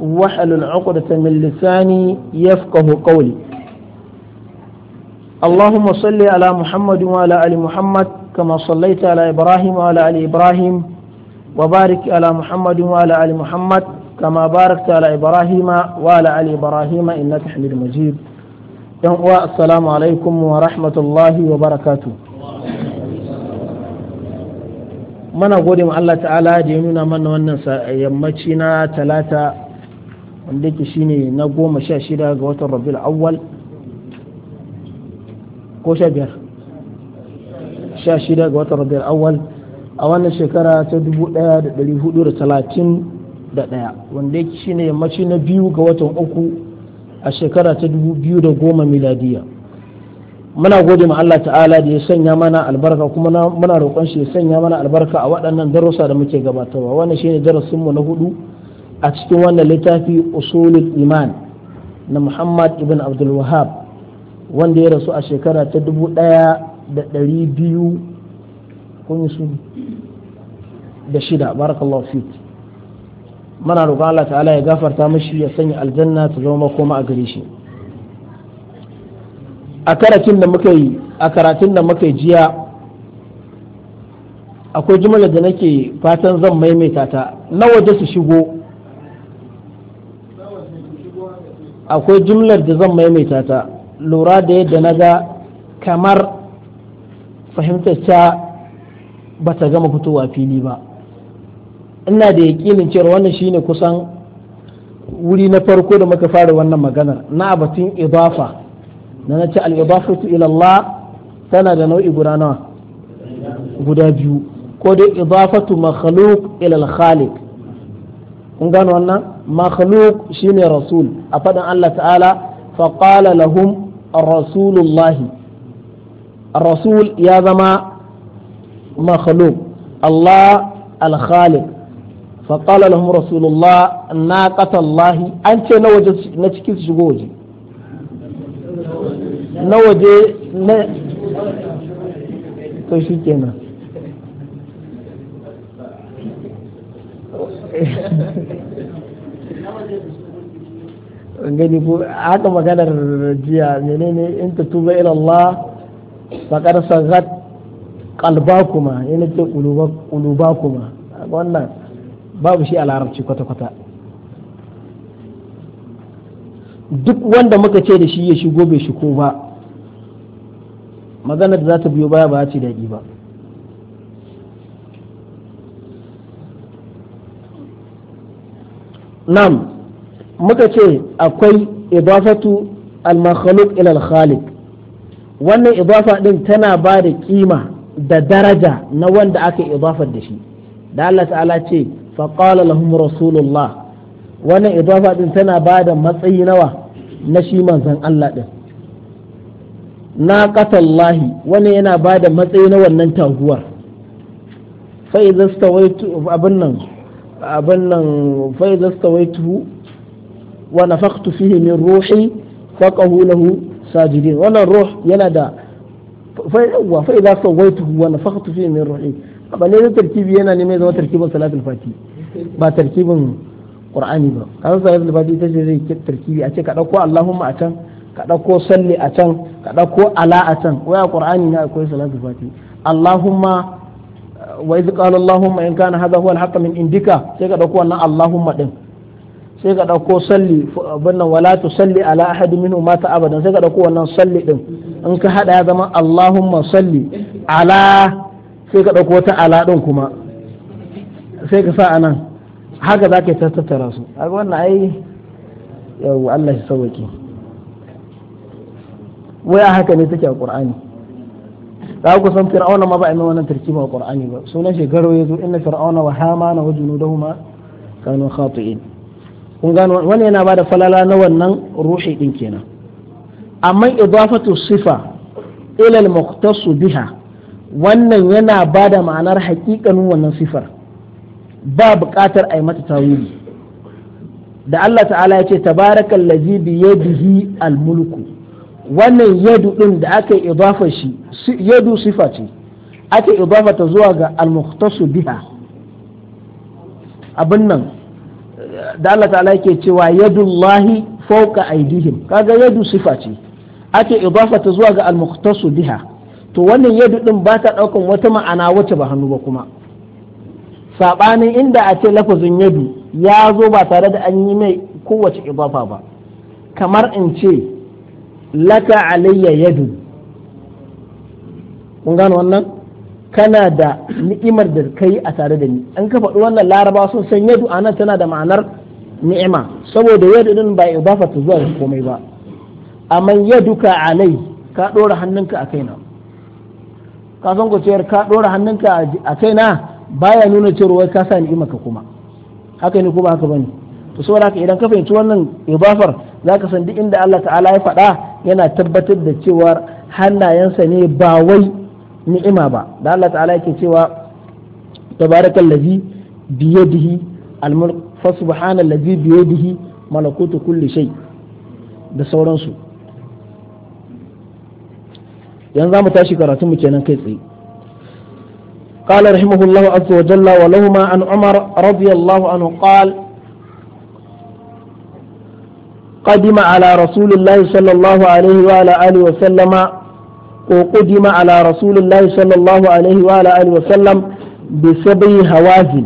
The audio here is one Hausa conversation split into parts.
واحلل عقدة من لساني يفقه قولي اللهم صل على محمد وعلى آل محمد كما صليت على إبراهيم وعلى آل إبراهيم وبارك على محمد وعلى آل محمد كما باركت على إبراهيم وعلى آل إبراهيم إنك حميد مجيد السلام عليكم ورحمة الله وبركاته mana gode ma Allah ta'ala da ya nuna mana wannan yammaci na talata wanda yake shine na goma sha shida ga watan rabil awwal ko sha biyar sha shida ga watan rabil awwal a wannan shekara ta dubu ɗaya da ɗari hudu da talatin da ɗaya wanda yake shine yammaci na biyu ga watan uku a shekara ta dubu biyu da goma miladiya muna gode ma Allah ta'ala da ya sanya mana albarka kuma muna roƙon shi ya sanya mana albarka a waɗannan darussa da muke gabatarwa wannan shine darasinmu na hudu a cikin wannan littafi usulul iman na muhammad ibn abdul wahab wanda ya rasu a shekara ta dubu ɗaya da ɗari biyu su da shida barakallahu fit mana roƙon Allah ta'ala ya gafarta mashi ya sanya aljanna ta zama ma a gare shi a karatun da muka yi a karatun da muka jiya akwai jumla da nake fatan zan maimaita ta na waje su shigo akwai jumlar da zan maimaita ta lura da yadda na ga kamar fahimtar ta ba ta gama fitowa fili ba ina da yaƙinin cewa wannan shine kusan wuri na farko da muka fara wannan maganar na batun idafa na na ce al-idafatu ila Allah tana da nau'i guda nawa guda biyu ko dai idafatu makhluq ila al-khaliq kun gano wannan makhluk shine rasul a faɗin Allah ta'ala fa qala lahum rasulullah rasul ya zama makhluk Allah al-khaliq fa qala lahum rasulullah naqata Allah an ce na waje na cikin shigo waje na waje na to shi kenan Eh. gani ko haka maganar jiya menene in ta tuba ila Allah faqad sagat qalbakuma yana ce qulubakuma wannan babu shi a larabci kwata kwata duk wanda muka ce da shi ya shigo bai shigo ba maganar da za ta biyo baya ba ce daɗi ba nam muka ce akwai ibafatu al-makhluq ila al-khaliq wannan ibafa din tana ba da kima da daraja na wanda aka idafar da shi da Allah ta'ala ce faqala lahum rasulullah wannan ibafa din tana ba da matsayi nawa na shi manzan Allah din na qatallahi wannan yana ba da matsayi na wannan taguwar fa idza stawaitu abin nan abin nan fa'iza stawaituhu wa nafaqtu fihi min ruhi faqahu lahu sajidin wannan ruh yana da fa'iza fa'iza stawaituhu wa nafaqtu fihi min ruhi abin ne tarkibi yana ne mai zama tarkibin salatul fati ba tarkibin qur'ani ba kan salatul fati ta ce zai tarkibi a ce ka dauko allahumma a can ka dauko salli a can ka dauko ala a can wai a qur'ani ne akwai salatul fati allahumma wa idh qala allahumma in kana hadha huwa al-haqq min indika sai ka dauko wannan allahumma din sai ka dauko salli wannan nan wala tusalli ala ahadin minhum mata abadan sai ka dauko wannan salli din in ka hada ya zama allahumma salli ala sai ka dauko ta ala din kuma sai ka sa anan haka zaka yi tattara su a wannan ai yau Allah ya sauke wai haka ne take a Qur'ani Ka ku san fir'auna ma ba a mai wannan tarkiba a qur'ani ba sunan shi garo zo inna fir'auna wa hamana wa junudahuma kanu khati'in kun gano wani yana bada falala na wannan ruhi din kenan amma idafatu sifa ila al-muqtasu biha wannan yana ba da ma'anar haƙiƙanin wannan sifar ba buƙatar a yi mata tawili da Allah ta'ala ya ce tabarakallazi ladzi bi yadihi al-mulku wannan yadu ɗin da aka idafa shi yadu sifa ce aka idafa ta zuwa ga al biha abin nan da Allah ta'ala yake cewa yadullahi fauka aidihim kaga yadu sifa ce ake idafa ta zuwa ga al biha to wannan yadu ɗin ba ta ɗaukan wata ma'ana wacce ba hannu ba kuma saɓanin inda a ce lafazin yadu ya zo ba tare da an yi mai kowace ibafa ba kamar in ce laka alayya yadu kun gano wannan kana da ni'imar da kai a tare da ni an ka faɗi wannan laraba sun san yadu a nan tana da ma'anar ni'ima saboda yadu din ba idafa ta zuwa komai ba amma ka alai ka ɗora hannunka a kaina ka san ku cewar ka ɗora hannunka a kaina baya nuna cewa ka sa ni'ima ka kuma haka ne ko ba haka bane to saboda haka idan ka fahimci wannan za zaka san duk inda Allah ta'ala ya faɗa yana tabbatar da cewa hannayensa ne ba wai ni'ima ba da Allah ta'ala yake cewa yadihi al-mulk fa bi yadihi malakutu kulli shay da sauransu yanzu mu tashi karatu mu kenan kai tsaye قال رحمه الله عز وجل ولهما عن عمر رضي الله عنه قال قدم على رسول الله صلى الله عليه وعلى آله وسلم وقدم على رسول الله صلى الله عليه وعلى آله وسلم بسبي هوازن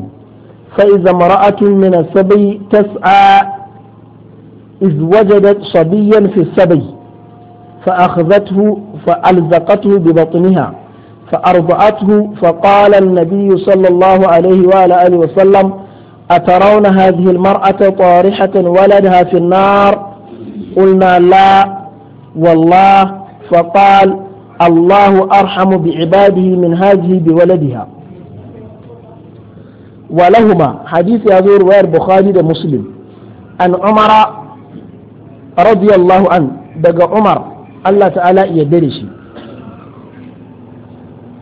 فإذا امرأة من السبي تسعى إذ وجدت صبيا في السبي فأخذته فألزقته ببطنها فأرضعته فقال النبي صلى الله عليه وعلى آله وسلم أترون هذه المرأة طارحة ولدها في النار قلنا لا والله فقال الله أرحم بعباده من هذه بولدها ولهما حديث يزور وير بخاري مسلم أن عمر رضي الله عنه دق عمر الله تعالى يدرشي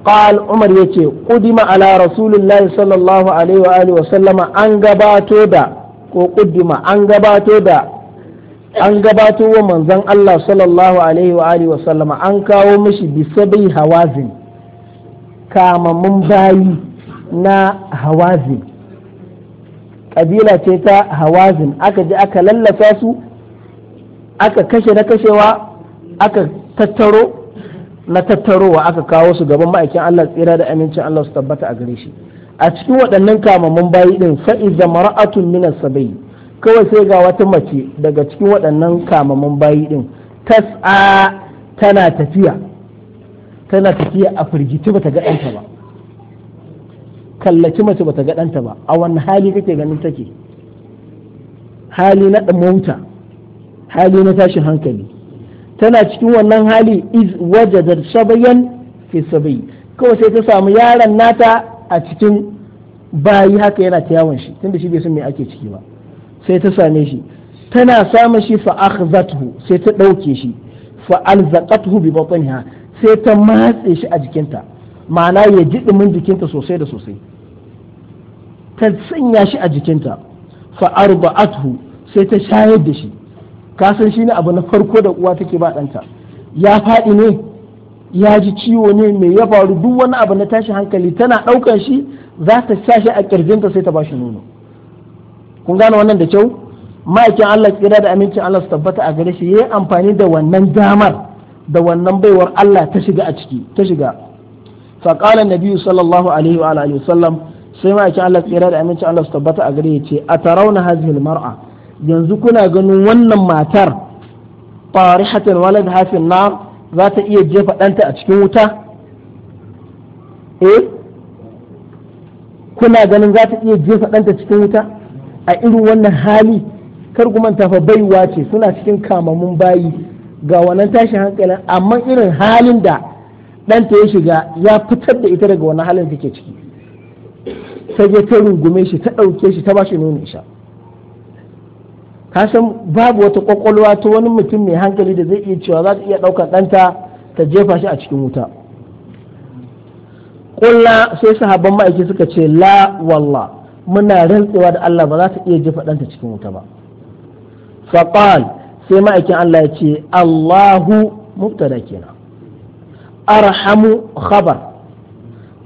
قال عمر يتي قدم على رسول الله صلى الله عليه وآله وسلم أن قباتو دا قدم أن قباتو دا أن قباتو ومن زن الله صلى الله عليه وآله وسلم أن كاو مشي بسبي هوازن كاما منباي نا هوازن قبيلة تيتا هوازن أكا جاء أكا للا للساسو أكا كشي نكشي أكا تترو na tattarowa aka kawo su gaban ma'aikin Allah tsira da amincin Allah su tabbata a gare shi a cikin waɗannan kamamman bayi din da mara'atun minan sabai kawai sai ga wata mace daga cikin waɗannan kamamman bayi din tas'a tana tafiya tana tafiya a firgici bata ga ɗanta ba kallaci mace bata ga ɗanta ba a wani hali kake ganin take hali na mota hali na tashin hankali tana cikin wannan hali iz wajadar sabayan fi sabayi kawai sai ta samu yaron nata a cikin bayi haka yana ta yawon shi tunda shi bai san me ake ciki ba sai ta same shi tana samun shi fa akhzathu sai ta dauke shi fa alzaqathu bi batniha sai ta matse shi a jikinta ma'ana ya ji dumin jikinta sosai da sosai ta sanya shi a jikinta fa arba'athu sai ta shayar da shi ka san ne abu na farko da uwa take ba ɗanta ya faɗi ne ya ji ciwo ne mai ya faru duk wani abu na tashi hankali tana ɗaukar shi za ta sa shi a ƙirjinta sai ta ba shi nono kun gane wannan da kyau ma'aikin Allah tsira da amincin Allah su tabbata a gare shi ya yi amfani da wannan damar da wannan baiwar Allah ta shiga a ciki ta shiga faƙala sallallahu alaihi wa sallam sai ma'aikin Allah tsira da amincin Allah su tabbata a gare ya ce tarauna hazihil mar'a. yanzu kuna ganin wannan matar tarihatan walad hafin na za ta iya jefa ɗanta a cikin wuta eh kuna ganin za ta iya jefa ɗanta cikin wuta a irin wannan hali kar kuma ta fa baiwa ce suna cikin kamamun bayi ga wannan tashin hankalin amma irin halin da ɗanta ya shiga ya fitar da ita daga wannan halin take ciki Sai ya ta rungume shi ta ɗauke shi ta ba shi nono sha kasan babu wata kwakwalwa ta wani mutum mai hankali da zai iya cewa za ta iya ɗaukar ɗanta ta jefa shi a cikin wuta ƙulla sai sahabban ma'aiki suka ce la walla muna rantsewa da Allah ba za ta iya jefa ɗanta cikin wuta ba faqal sai ma'aikin Allah ya ce Allahu mubtada kenan arhamu khabar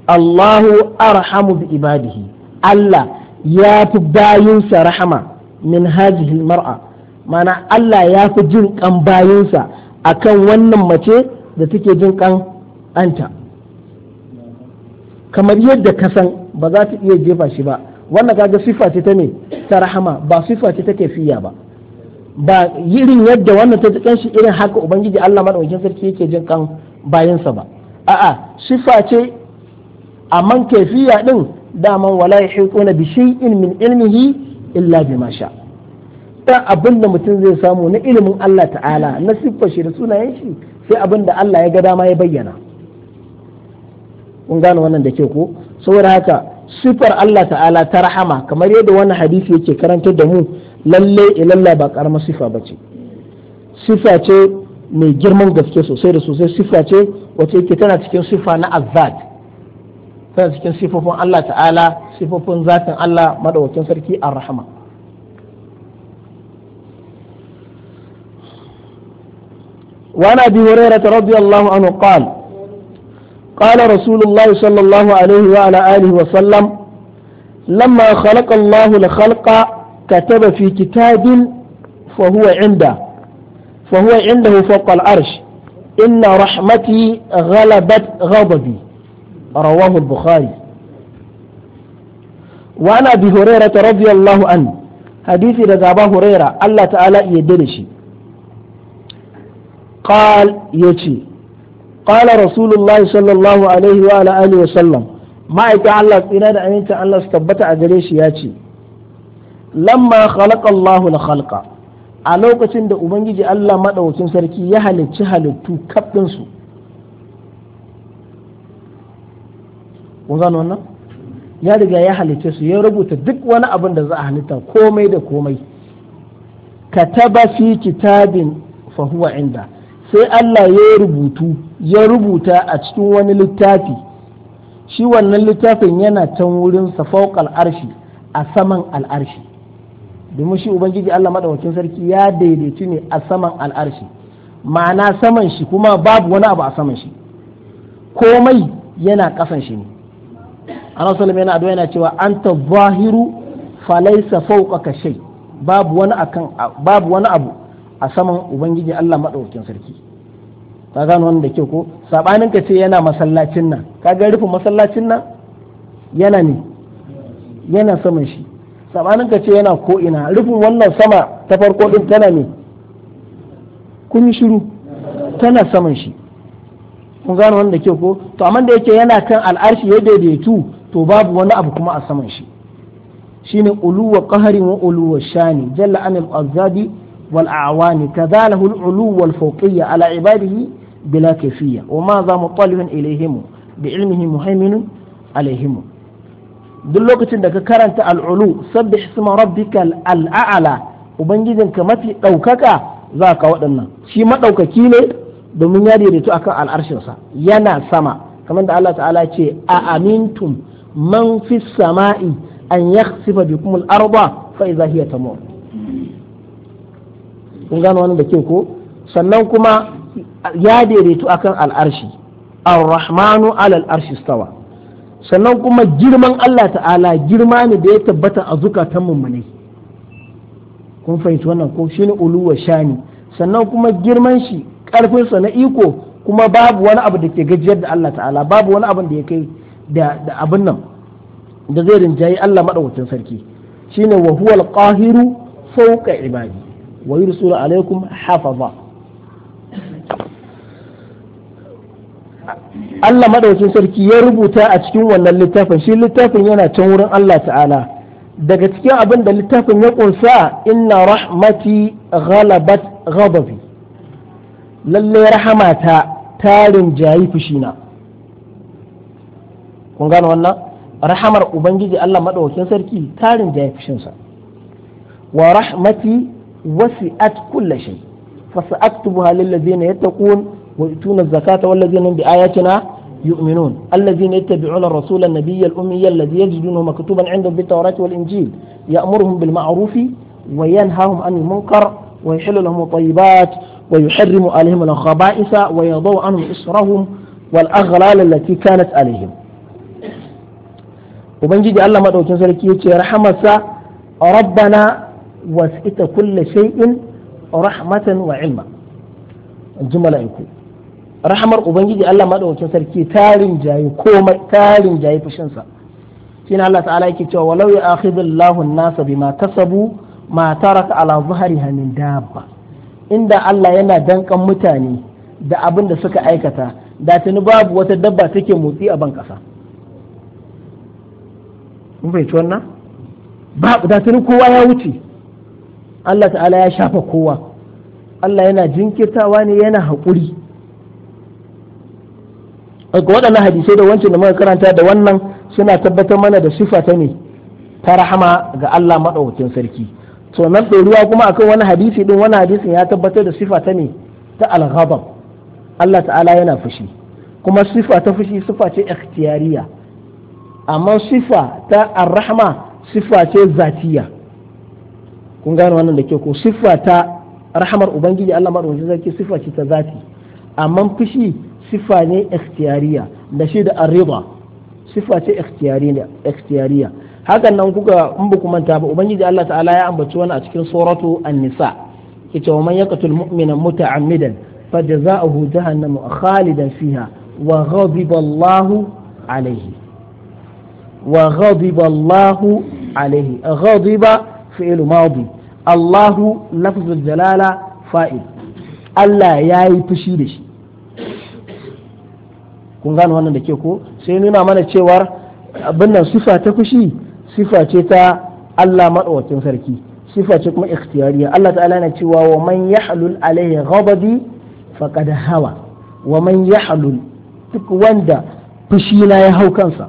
Allahu arhamu bi ibadihi Allah ya fi bayinsa rahama min hajihi mar'a mana Allah ya fi jin kan bayinsa kan wannan mace da take jin kan anta kamar yadda ka san ba za ta iya jefa shi ba wannan kaga sifa ce ta ne ta rahama ba sifa ce ta kaifiya ba ba irin yadda wannan ta kan shi irin haka ubangiji Allah madaukakin sarki yake jin kan bayansa ba a'a sifa ce man kaifiya din daman wala yahiquna bi shay'in min ilmihi illa bima sha ta abin da mutum zai samu na ilimin Allah ta'ala na siffa shi da sunayen shi sai abin da Allah ya ga dama ya bayyana kun gane wannan da ke ko saboda haka siffar Allah ta'ala ta rahama kamar yadda wannan hadisi yake karantar da mu lalle ilalla ba karamar siffa bace ce siffa ce mai girman gaske sosai da sosai siffa ce wacce yake tana cikin siffa na azad tana cikin siffofin Allah ta'ala sifofin zatin Allah madaukakin sarki ar-rahma وعن ابي هريره رضي الله عنه قال قال رسول الله صلى الله عليه وعلى اله وسلم لما خلق الله الخلق كتب في كتاب فهو عنده فهو عنده فوق العرش إن رحمتي غلبت غضبي رواه البخاري wa ana bi hurairah radiyallahu anhu hadisi da Abu Huraira Allah ta'ala yadda da shi قال يتي قال رسول الله صلى الله عليه وعلى آله وسلم ما يكا الله إنا دا أمين الله استبتع قريش ياتي لما خلق الله لخلق a lokacin da Ubangiji Allah maɗaukin sarki ya halicci halittu kaɗinsu. Kun ya riga ya halice su ya rubuta duk wani abin da za a halitta komai da komai kataba fi kitabin fahuwa inda sai Allah ya rubutu ya rubuta a cikin wani littafi shi wannan littafin yana can wurin sa arshi a saman al'arshi domin shi ubangiji Allah madaukakin sarki ya daidaitu ne a saman al'arshi ma'ana saman shi kuma babu wani abu a saman shi komai yana ƙasan shi ne annabi sallallahu yana addu'a yana cewa anta zahiru falaysa fawqaka shay babu wani akan babu wani abu a saman ubangiji Allah madaukakin sarki ka gano wannan da ke ko sabanin ka ce yana masallacin nan ka ga rufin masallacin nan yana ne yana saman shi sabanin ka ce yana ko ina rufin wannan sama ta farko din tana ne kun yi shiru tana saman shi kun gano wanda ke ko to amma da yake yana kan al'arshi ya daidaitu to babu wani abu kuma a saman shi shine uluwa qaharin wa uluwa shani jalla anil azadi wal awani kadhalahu al uluwa al fawqiyya ala ibadihi bila kayfiyya wa ma za mutalibun ilayhim bi ilmihi muhaimin alaihim duk lokacin da ka karanta al'ulu sabbih isma rabbika al'a'la ubangijinka mafi ɗaukaka za ka waɗannan shi maɗaukaki ne domin ya daidaito akan al'arshinsa yana sama kamar da Allah ta'ala ce a amintum man fi sama'i an sifa bi kuma arda fa iza hiya tamur kun gano wannan da ke ko sannan kuma ya daidaitu akan al'arshi ar-rahmanu ala al'arshi stawa sannan kuma girman Allah ta'ala girma ne da ya tabbata a zukatan mummunai kun fahimci wannan ko shine uluwa shani sannan kuma girman shi ƙarfinsa na iko kuma babu wani abu da ke gajiyar da Allah ta'ala babu wani abu da ya kai da abin nan da zai rinjayi Allah madaukakin sarki shine wa huwa al-qahiru fawqa ibadi wa yursulu alaykum hafaza Allah madaukakin sarki ya rubuta a cikin wannan littafin shi littafin yana can wurin Allah ta'ala daga cikin abin da littafin ya kunsa inna rahmati ghalabat ghadabi lalle rahamata ta fushi fushina kun gane wannan rahamar ubangiji Allah madaukakin sarki tarin da ya fi shinsa wa rahmati wasi'at kulli shay fasa'aktubuha lil ladzina yattaqun wa yutuna zakata wal ladzina bi ayatina يؤمنون الذين يتبعون الرسول النبي الأمي الذي يجدونه مكتوبا عندهم بالتوراة والإنجيل يأمرهم بالمعروف وينهاهم عن المنكر ويحل لهم الطيبات ويحرم عليهم الخبائث ويضع عنهم إصرهم والأغلال التي كانت عليهم ubangiji Allah madaukin sarki ce rahamarsa rabbana ita kulle shay'in rahmatan wa ilma ji mala'iku rahamar ubangiji Allah madaukin sarki tarin jayi komai tarin jayi shine Allah ta'ala yake cewa walau ya akhidullahu an-nasa bima kasabu ma taraka ala zuhriha min dabba inda Allah yana dankan mutane da abin da suka aikata da tuni babu wata dabba take motsi a ban kasa mun fahimci wannan ba da tuni kowa ya wuce Allah ta'ala ya shafa kowa Allah yana jinkirtawa ne yana haƙuri ga waɗannan hadisai da wancan da muka karanta da wannan suna tabbatar mana da sifa ta ne ta rahama ga Allah maɗaukakin sarki to nan ɗoruwa kuma akan wani hadisi din wani hadisin ya tabbatar da sifa ta ne ta alghadab Allah ta'ala yana fushi kuma sifa ta fushi sifa ce ikhtiyariya amma sifa ta arrahma rahma sifa ce zatiya kun gane wannan da ke ko sifa ta rahamar ubangiji Allah madaukakin sarki sifa ce ta zati amma fushi sifa ne ikhtiyariya da shi da ar-rida sifa ce ikhtiyariya hakan nan kuka in ba ba ubangiji Allah ta'ala ya ambaci wani a cikin suratu an-nisa yace wa man yaqtul mu'mina muta'ammidan fajza'uhu jahannamu khalidan fiha wa ghadiba Allahu alayhi وغضب الله عليه غضب فعل ماضي الله لفظ الجلالة فائل Allah ya yi fushi da shi kun gano wannan da ke ko sai nuna mana cewar abinnan sifa ta fushi sifa ce ta Allah maɗaukakin sarki sifa ce kuma ikhtiyariya Allah ta'ala yana cewa wa man yahlul alaihi ghadabi faqad hawa wa man yahlul duk wanda fushi na ya hau kansa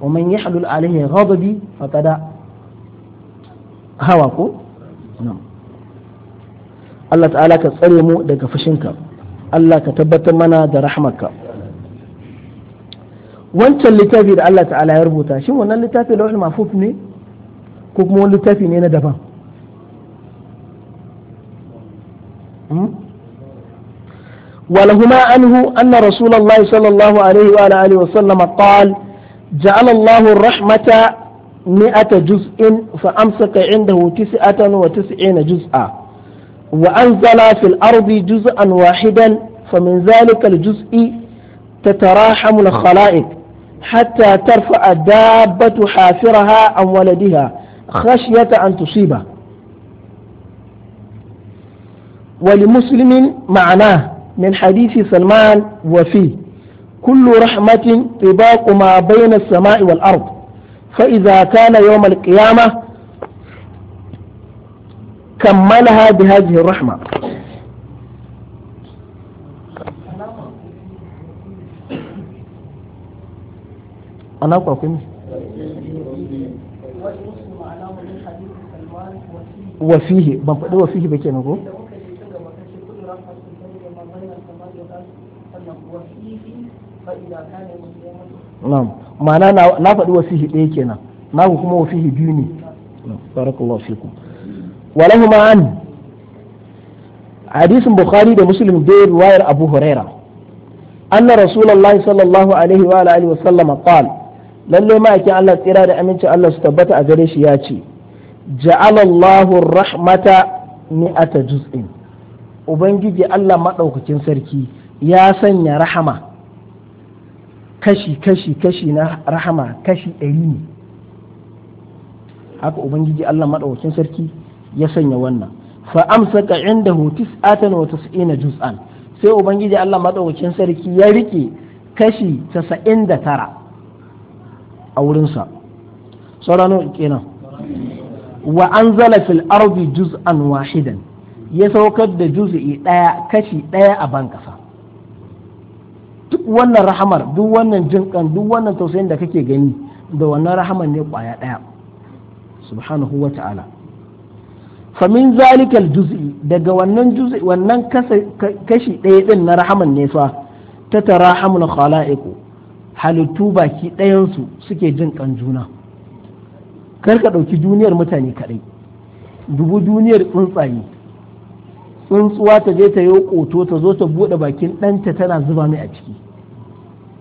wa man yahlul alaihi ghadabi faqada hawa ko Allah ta'ala ka tsare mu daga fushinka Allah ka tabbatar mana da rahmarka wancan littafi da Allah ta'ala ya rubuta shin wannan littafi da wani mafuf ne kuma wani littafi ne na daban ولهما عنه أن رسول الله صلى الله عليه وآله وسلم قال جعل الله الرحمة مئة جزء فأمسك عنده تسعة وتسعين جزءا وأنزل في الأرض جزءا واحدا فمن ذلك الجزء تتراحم الخلائق حتى ترفع الدابة حافرها عن ولدها خشية أن تصيبه ولمسلم معناه من حديث سلمان وفيه كل رحمة طباق ما بين السماء والأرض فإذا كان يوم القيامة كملها بهذه الرحمة أنا أقول وفيه ما وفيه نقول ma'ana na faɗi wasihi ɗaya kenan na kuma wasihi biyu ne barakallahu fikum walahu ma'an hadisin bukhari da muslim dai riwayar abu huraira anna rasulullahi sallallahu alaihi wa alihi wa qala lalle ma'aikin Allah tsira da aminci Allah su tabbata a gare shi ya ce ja'alallahu rahmata mi'ata juz'in ubangiji Allah maɗaukakin sarki ya sanya rahama kashi kashi kashi na rahama kashi ɗari ne haka ubangiji Allah maɗaukakin sarki ya sanya wannan fa amsaka indahu tis'atan wa tis'ina juz'an sai ubangiji Allah maɗaukakin sarki ya rike kashi da tara a wurinsa saurano kenan wa an anzala fil ardi juz'an wahidan ya saukar da juz'i ɗaya kashi ɗaya a ban kasa duk wannan rahamar duk wannan jinkan duk wannan tausayin da kake gani da wannan rahamar ne kwaya daya subhanahu wa ta'ala famin zalikal juz'i daga wannan juz'i wannan kashi ɗaya din na rahaman ne fa ta tara hamul khala'iqu halittu baki ɗayansu suke jin juna kar ka ɗauki duniyar mutane kaɗai dubu duniyar tsuntsaye tsuntsuwa ta je ta yi koto ta zo ta buɗe bakin ɗanta tana zuba mai a ciki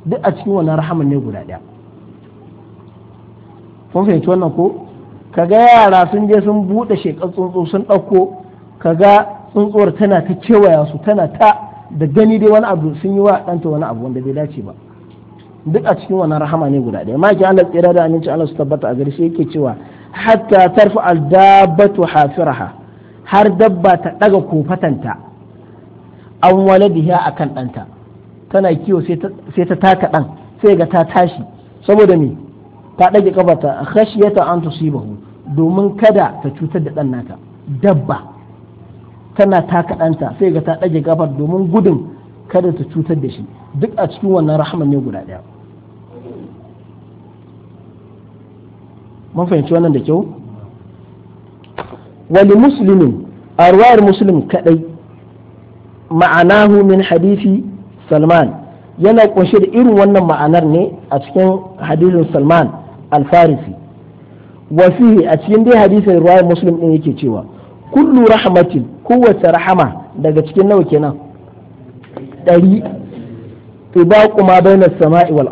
duk a cikin wannan rahaman ne guda ɗaya kun fahimci wannan ko kaga yara sun je sun buɗe shekar tsuntsu sun ɗauko kaga tsuntsuwar tana ta kewaya su tana ta da gani dai wani abu sun yi wa ɗanta wani abu wanda bai dace ba duk a cikin wannan rahama ne guda ɗaya maki Allah tsira da aminci Allah su tabbata a gari shi yake cewa hatta tarfa al-dabbatu hafiraha har dabba ta ɗaga kofatanta an waladiha a kan ɗanta tana kiwo sai ta taka ɗan sai ga ta tashi saboda me ta ɗage ƙafarta khashiyata an bahu domin kada ta cutar da ɗan nata dabba tana taka ɗanta sai ga ta ɗage ƙafar domin gudun kada ta cutar da shi duk a cikin wannan rahama ne guda ɗaya mun fahimci wannan da kyau wani Musulmin a ruwayar musulmi kadai ma'anahu min hadisi salman yana kunshe da irin wannan ma'anar ne a cikin hadisin salman alfarisi wasihi a cikin dai hadisin ruwayar musulmi din yake cewa kullu rahmatin kowace rahama daga cikin nawa kenan ɗari ibaqu ma bainas sama'i wal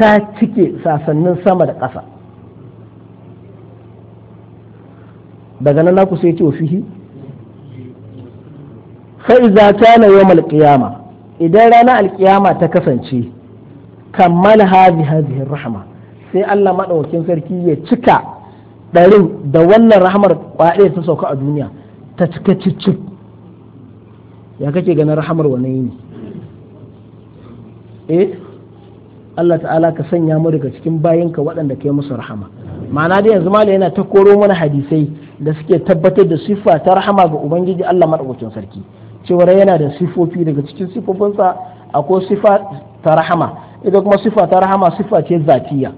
ta cike sasannin sama da ƙasa daga nan naku sai ya ce wa fihi fa iza kana yawmal qiyama idan rana alkiyama ta kasance kammala hazi hazihi rahama sai Allah maɗaukin sarki ya cika ɗarin da wannan rahamar kwaɗe ta sauka a duniya ta cika cicci ya kake ganin rahamar wannan yini eh Allah ta'ala ka sanya mu daga cikin bayinka waɗanda kai musu rahama ma'ana dai yanzu malai yana ta koro mana hadisai da suke tabbatar da siffa ta rahama ga ubangiji Allah madaukakin sarki cewa yana da sifofi daga cikin sifofinsa akwai siffa ta rahama ita kuma siffa ta rahama siffa ce zatiya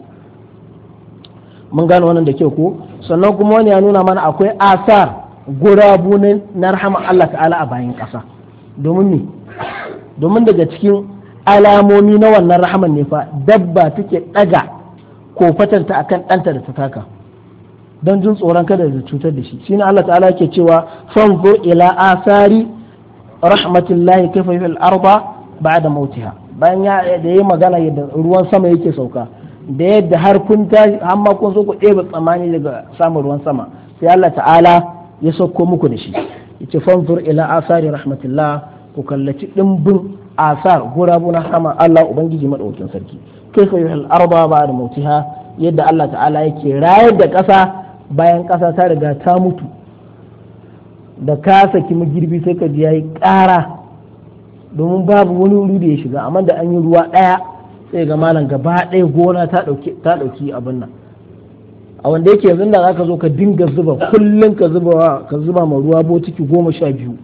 mun gano wannan da kyau ko sannan kuma wani ya nuna mana akwai asar gurabu na rahama Allah ta'ala a bayan ƙasa domin ne domin daga cikin alamomi na wannan rahaman ne fa dabba take ɗaga kofatanta akan ɗanta da ta taka don jin tsoron kada da cutar da shi Shi shine Allah ta'ala ke cewa fanzur ila asari rahmatullahi kafa fil arda ba'da mautiha bayan ya da yayi magana yadda ruwan sama yake sauka da yadda har kun ta amma kun so ku ɗebe tsamani daga samun ruwan sama sai Allah ta'ala ya sauko muku da shi yace fanzur ila asari rahmatullah ku kallaci dimbin asar gurabu sama Allah ubangiji madaukakin sarki kafa fil arda ba'da mautiha yadda Allah ta'ala yake rayar da ƙasa bayan ƙasa ta riga ta mutu da ka saki magirbi sai ka ji yayi ƙara domin babu wani wuri da ya shiga amma da an yi ruwa ɗaya sai ga malam gaba ɗaya gona ta ɗauki abin nan a wanda yake yanzu da zaka zo ka dinga zuba kullum ka zuba ka zuba ma ruwa botiki goma sha biyu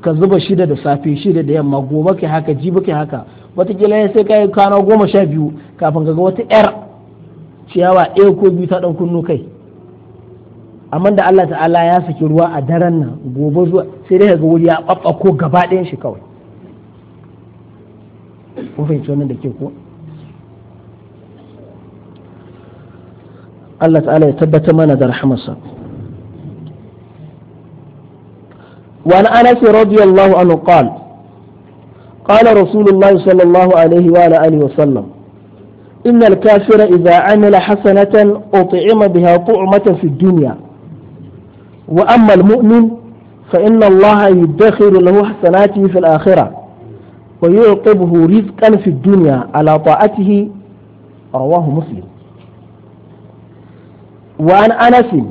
ka zuba shida da safe shida da yamma goma ke haka jibi ke haka watakila sai kayi kwana goma sha biyu kafin ka ga wata 'yar ciyawa ɗaya ko biyu ta ɗan kunnu kai amma da Allah ta'ala ya saki ruwa a daren nan gobe zuwa sai dai ga wuri ya ko gaba ɗayan shi kawai fahimci wannan da ke ko Allah ta'ala ya tabbata mana da rahamarsa وعن انس رضي الله عنه قال قال رسول الله صلى الله عليه وعلى اله وسلم ان الكافر اذا عمل حسنه اطعم بها طعمه في الدنيا وأما المؤمن فإن الله يدخر له حسناته في الآخرة ويعقبه رزقا في الدنيا على طاعته رواه مسلم وعن أنس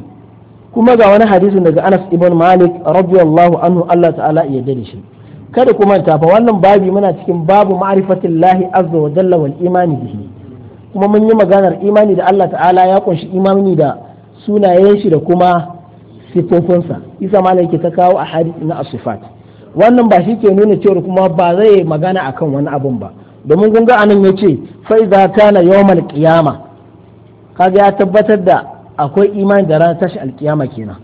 كما جاء حديث daga Anas ibn Malik radiyallahu anhu Allah ta'ala ya dade shi kada ku manta fa wannan babi muna cikin babu ma'rifatillahi azza wa jalla wal imani bihi kuma mun yi maganar imani da Allah ta'ala ya kunshi imani da sunayen shi da kuma sifofinsa isa malaki yake ta kawo a hadisi na asifat wannan ba shi ke nuna cewa kuma ba zai magana akan wani abun ba domin kun ga anan yace fa idza na yawmal qiyama kaga ya tabbatar da akwai imani da ranar tashi alkiyama kenan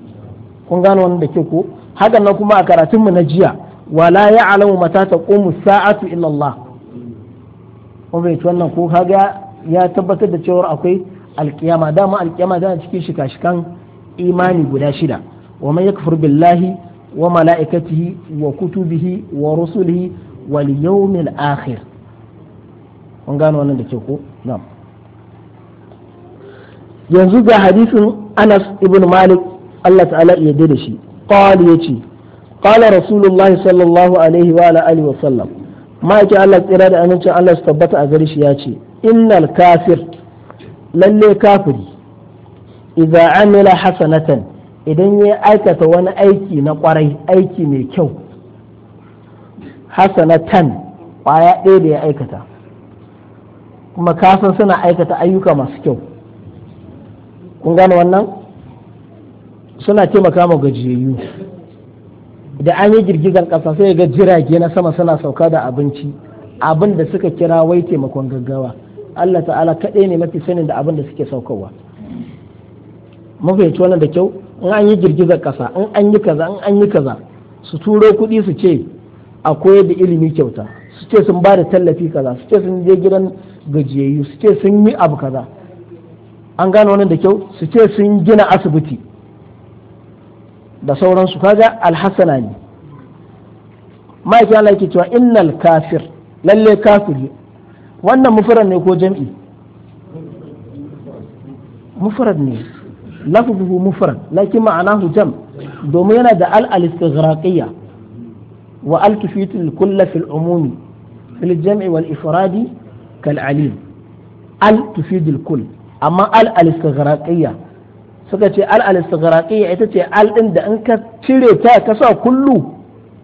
kun gano wannan da ke ko hakan nan kuma a karatunmu na jiya wala ya'lamu mata taqumu sa'atu illa Allah wannan ko kaga ya tabbatar da cewa akwai alkiyama dama alkiyama tana cikin shika-shikan imani guda shida wa man yakfur billahi wa mala'ikatihi wa kutubihi wa rusulihi wal yawmil akhir kun gano wannan da ke ko na'am yanzu ga hadisin Anas ibn Malik Allah ta'ala ya da shi qal yace qala rasulullah sallallahu alaihi wa ala wa sallam ma Allah tsira da amincin Allah su tabbata a gare shi ce, innal kafir lallai kafiri iza amila hasanatan idan ya aikata wani aiki na kwarai aiki mai kyau hasanatan kwaya ɗaya da ya aikata kuma kasan suna aikata ayyuka masu kyau kun gane wannan suna taimaka ma gajiyayyu da an yi girgizar ƙasa sai ga jirage na sama suna sauka da abinci abin da suka kira wai taimakon gaggawa Allah ta'ala kaɗai ne mafi sanin da abin da suke saukowa mun fahimci wannan da kyau in an yi girgizar kasa in an yi kaza in an yi kaza su turo kuɗi su ce a koyar da ilimi kyauta su ce sun ba da tallafi kaza su ce sun je gidan gajiyayyu su ce sun yi abu kaza an gane wannan da kyau su ce sun gina asibiti da sauransu kaga alhassana ne ma'aikin Allah yake cewa innal kafir lalle kafiri wannan mufarar ne ko jam'i mufarar ne lafzuhu mufrad lakin ma'anahu jam domin yana da al al-istighraqiyya wa al tufitu al-kull fi al-umumi fi jami wal ifradi kal alim al tufidu al-kull amma al al-istighraqiyya suka ce al al-istighraqiyya ita ce al din da in ka cire ta ka sa kullu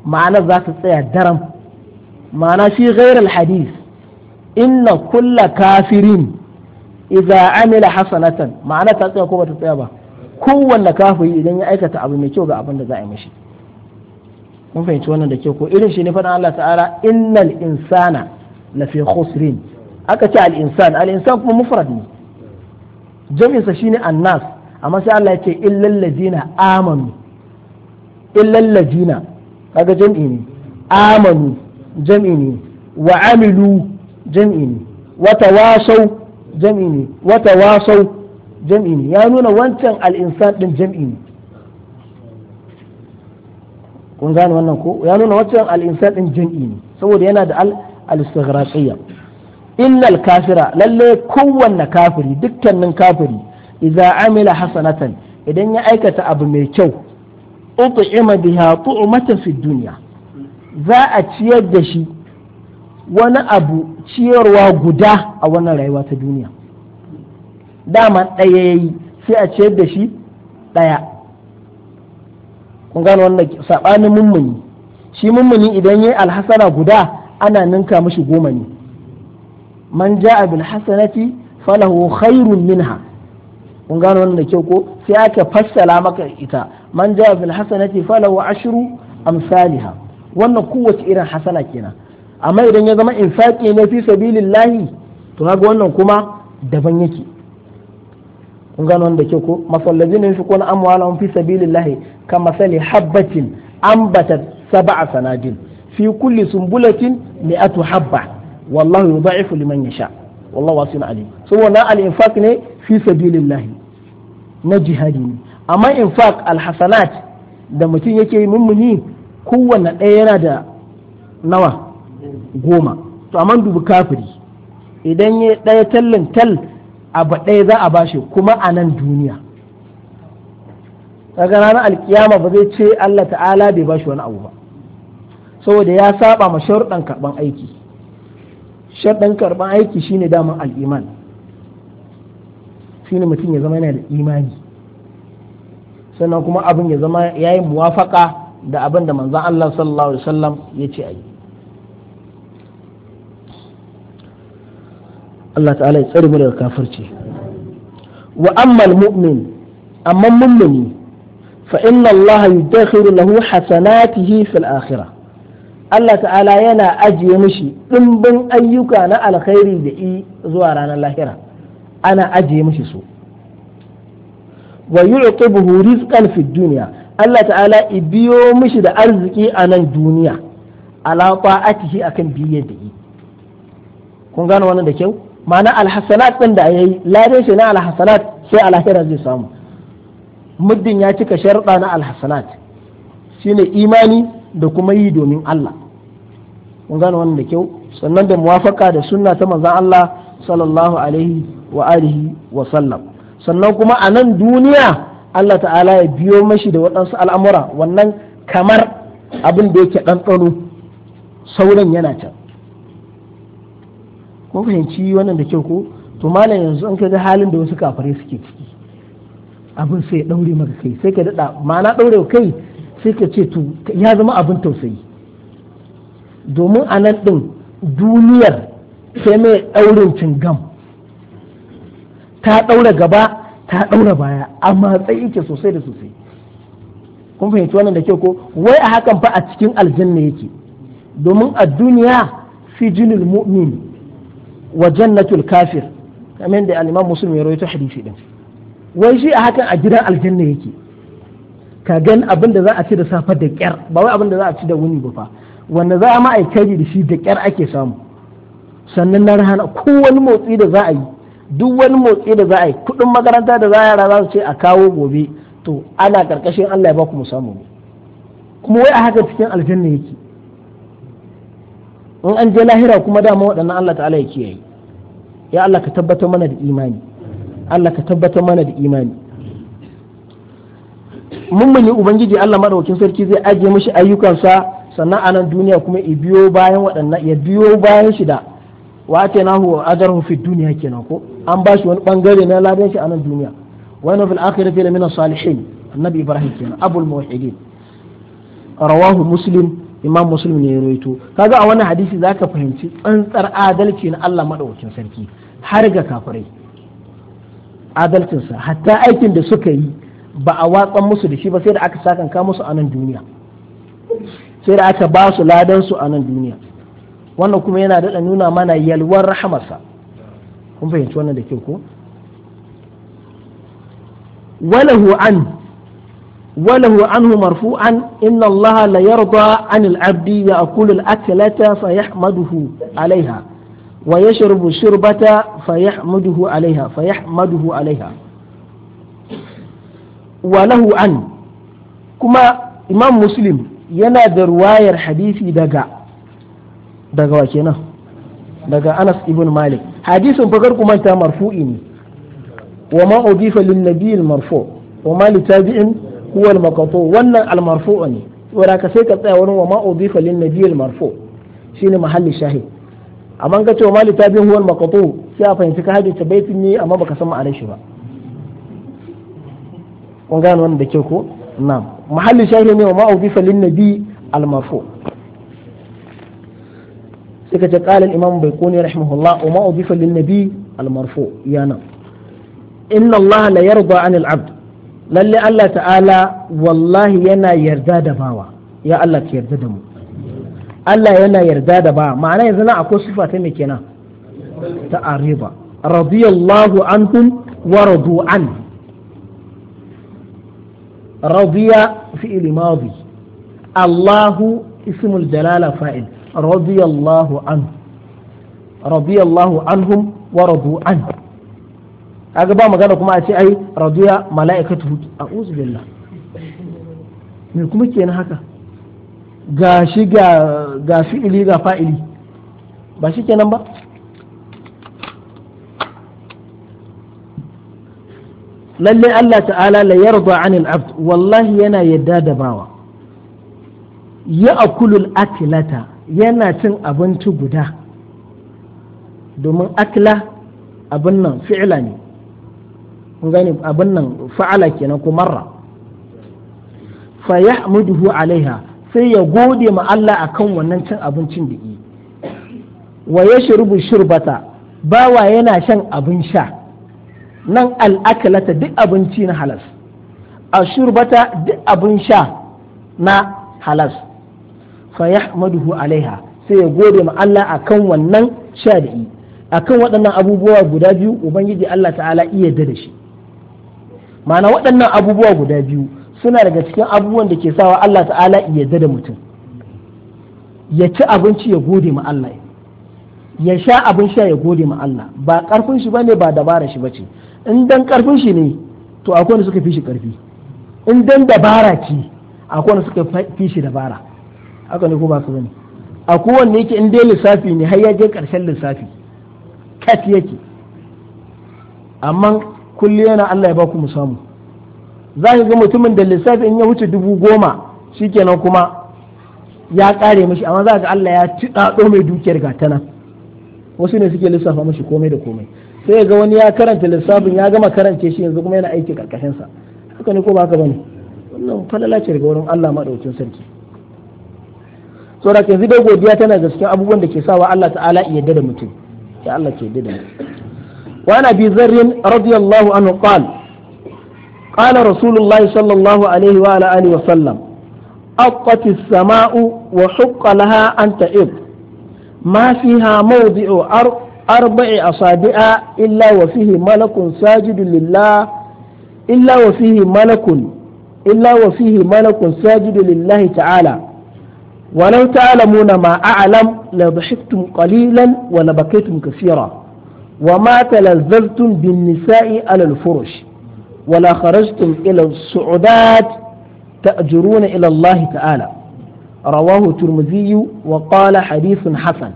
ma'ana za ta tsaya daram ma'ana shi ghairal hadith inna kulla kafirin idza amila hasanatan ma'ana ta tsaya ko bata tsaya ba kowanne kafiri idan ya aikata abu mai kyau ga abin da za a yi mishi mun fahimci wannan da kyau ko irin shi ne faɗin Allah ta'ala innal insana lafi khusrin aka ce al insan al insan kuma mufrad ne jami'in sa shine annas amma sai Allah ya ce illal ladina amanu illal ladina kaga jami'i ne amanu jami'i ne wa amilu jami'i ne wa tawasaw jam'i ne wata wasau jam'i ne ya nuna wancan al'insan din jam'i ne kun gane wannan ko ya nuna wancan al'insan din jam'i ne saboda yana da al-istighraqiyya innal kafira lalle kowanne kafiri dukkanin kafiri idza amila hasanatan idan ya aikata abu mai kyau ut'ima biha tu'matan fi dunya za a ciyar da shi wani abu ciyarwa guda a wannan rayuwa ta duniya dama ɗaya ya yi sai a ciyar da shi ɗaya kun gano wannan saɓanin mummuni shi mummuni idan ya yi alhasana guda ana ninka mashi goma ne man ja bil hasanati falahu khairun minha kun gano wannan kyau ko sai aka fassala maka ita man ja bil hasanati falahu ashru amsalha wannan kowace irin hasana kenan amma idan ya zama infaqi ne fi sabilillahi to kaga wannan kuma daban yake kun gano wanda ke ko masallazina yunfiquna amwalahum fi sabilillahi kamasali habbatin ambatat sab'a sanadin fi kulli sumbulatin mi'atu habba wallahu yudha'ifu liman yasha wallahu wasi'un alim so wannan al-infaq ne fi sabilillahi na jihadi ne amma infaq al-hasanat da mutum yake yi mummuni kowanne ɗaya yana da nawa goma to a man dubi kafiri idan ya ɗaya tallin tal abu ɗaya za a bashi kuma a nan duniya kaga ranar alkiyama ba zai ce Allah ta'ala bai bashi wani abu ba saboda ya saba ma sharuɗan karɓan aiki sharuɗan karɓan aiki shine daman al'iman shine mutum ya zama yana da imani sannan kuma abin ya zama ya yi muwafaka da abin da manzan Allah sallallahu alaihi wasallam ya ce a yi Allah ta'ala ya tsare mu daga kafirci wa ammal mu'min amma mummuni fa inna Allah yudakhiru lahu hasanatihi fil akhirah Allah ta'ala yana ajiye mishi ɗimbin ayyuka na alkhairi da i zuwa ranar lahira ana ajiye mishi su wa yu'tibuhu rizqan fid dunya Allah ta'ala ibiyo mishi da arziki a nan duniya ala ta'atihi akan biyan da i kun gano wannan da kyau ma'ana alhassanat ɗin da ya yi ladin shi na alhassanat sai alahira zai samu muddin ya cika sharɗa na alhassanat shine imani da kuma yi domin Allah kun gano wannan da kyau sannan da muwafaka da sunna ta manzan Allah sallallahu alaihi wa alihi wa sallam sannan kuma a nan duniya Allah ta'ala ya biyo mashi da waɗansu al'amura wannan kamar abin da yake ɗanɗano sauran yana can ko fahimci wannan da kyau ko to malam yanzu an kaga halin da wasu kafare suke ciki abin sai ya daure maka kai sai ka daɗa ma'ana daure kai sai ka ce to ya zama abin tausayi domin a nan ɗin duniyar sai mai ɗaurin cingam ta daura gaba ta daura baya amma sai yake sosai da sosai kun fahimci wannan da kyau ko wai a hakan fa a cikin aljanna yake domin a duniya fi jinin mu'min wa jannatul kafir kamar da al-imam muslim ya rawaito hadisi din wai shi a hakan a gidan aljanna yake ka gan abin da za a ci da safa da kyar ba wai abin da za a ci da wuni ba fa wanda za a ma da shi da kyar ake samu sannan na rahana ko wani motsi da za a yi duk wani motsi da za a yi kudin makaranta da za a yara za su ce a kawo gobe to ana karkashin Allah ya ba ku mu samu kuma wai a haka cikin aljanna yake in an je lahira kuma dama waɗannan Allah ta'ala ya kiyaye ya Allah ka tabbatar mana da imani Allah ka tabbatar mana da imani mummuni ubangiji Allah madaukin sarki zai ajiye mishi ayyukansa sannan a nan duniya kuma ya biyo bayan waɗannan ya biyo bayan shi da wa atainahu ajrahu duniya dunya kenan ko an ba shi wani bangare na ladan shi a nan duniya wa inna fil akhirati lamina salihin annabi ibrahim kenan abul muwahhidin rawahu muslim imam muslim ne ya rawaito kaga a wannan hadisi zaka fahimci tsantsar adalci na Allah madaukakin sarki har ga kafirai adalcinsa hatta aikin da suka yi ba a watsan musu da shi ba sai da aka sakanka musu a nan duniya sai da aka ba su ladan su a nan duniya wannan kuma yana daɗa nuna mana yalwar rahamarsa kun fahimci wannan da kyau ko walahu an وله عنه مرفوعا إن الله ليرضى عن العبد يأكل الأكلة فيحمده عليها ويشرب الشربة فيحمده عليها فيحمده عليها وله عن كما إمام مسلم ينادى رواية حديث دقا دقا وكينا دقا أنس ابن مالك حديث فقركم أنت مرفوعين وما أضيف للنبي المرفوع وما لتابع huwa al wannan al-marfu ne saboda ka sai ka tsaya wurin wa ma udifa lin nabiy al-marfu shine mahalli shahid amma ka wa ma litabin huwa al-maqtu sai fahimci ka hadisi baitin ne amma baka san ma'anar shi ba kun gane wannan da ke na'am mahalli shahid ne wa ma udifa lin nabiy al ka imam bayquni rahimahullah wa ma udifa la yarda 'anil 'abd lalle Allah ta'ala wallahi yana yarda da bawa ya Allah ka yarda da mu Allah yana yarda da bawa ma'ana yanzu na akwai sifa ta me kenan ta ariba radiyallahu anhum wa radu an radiya fi'il madi Allahu ismul dalala fa'il radiyallahu anhu radiyallahu anhum wa radu kaga ba magana kuma a ce ai raduya mala'ikatu a'udhu billah me kuma ke na haka ga shi ga fi'ili ga fa'ili ba shi kenan ba lalle Allah ta'ala la yarda anil abd wallahi yana yadda da bawa ya akulul aklata yana cin abinci guda domin akla abin nan fi'ila ne kun gani abin nan fa'ala kenan ko marra fa ya'muduhu alaiha sai ya gode ma Allah akan wannan cin abincin da yi wa yashrubu shurbata bawa yana shan abin sha nan al'akalata duk abinci na halas a shurbata duk abin sha na halas fa ya'muduhu alaiha sai ya gode ma Allah akan wannan sha da yi akan waɗannan abubuwa guda biyu ubangiji Allah ta'ala iya da shi ma'ana waɗannan abubuwa guda biyu suna daga cikin abubuwan da ke sawa Allah ta'ala ya da mutum ya ci abinci ya gode ma Allah ya sha abin sha ya gode ma Allah ba karfin shi bane ba dabara shi bace in dan karfin shi ne to akwai wanda suka fi shi karfi in dan dabara ki akwai wanda suka fi shi dabara haka ne ko ba su bane akwai wanda yake in dai lissafi ne har ya je karshen lissafi kat yake amma kulli yana Allah ya baku mu samu za ka ga mutumin da lissafi in ya wuce dubu goma shi kenan kuma ya kare mashi amma za ka ga Allah ya ci ɗaɗo mai dukiyar gatana wasu ne suke lissafa mashi komai da komai sai ga wani ya karanta lissafin ya gama karance shi yanzu kuma yana aiki karkashin sa haka ne ko ba haka bane wannan falala ce daga wurin Allah madaukakin sarki saboda yanzu dai godiya tana gaskiya abubuwan da ke sawa Allah ta'ala ya yarda da mutum ya Allah ke yarda da mutum وعن أبي ذر رضي الله عنه قال قال رسول الله صلى الله عليه وعلى آله وسلم أقت السماء وحق لها أن تعب ما فيها موضع أربع أصابع إلا وفيه ملك ساجد لله إلا وفيه ملك إلا وفيه ملك ساجد لله تعالى ولو تعلمون ما أعلم لضحكتم قليلا ولبكيتم كثيرا wa ma talazzaltum bin nisa'i alal furush wala kharajtum ila su'udat ta'juruna ila Allah ta'ala rawahu turmuzi wa kala hadithun hasan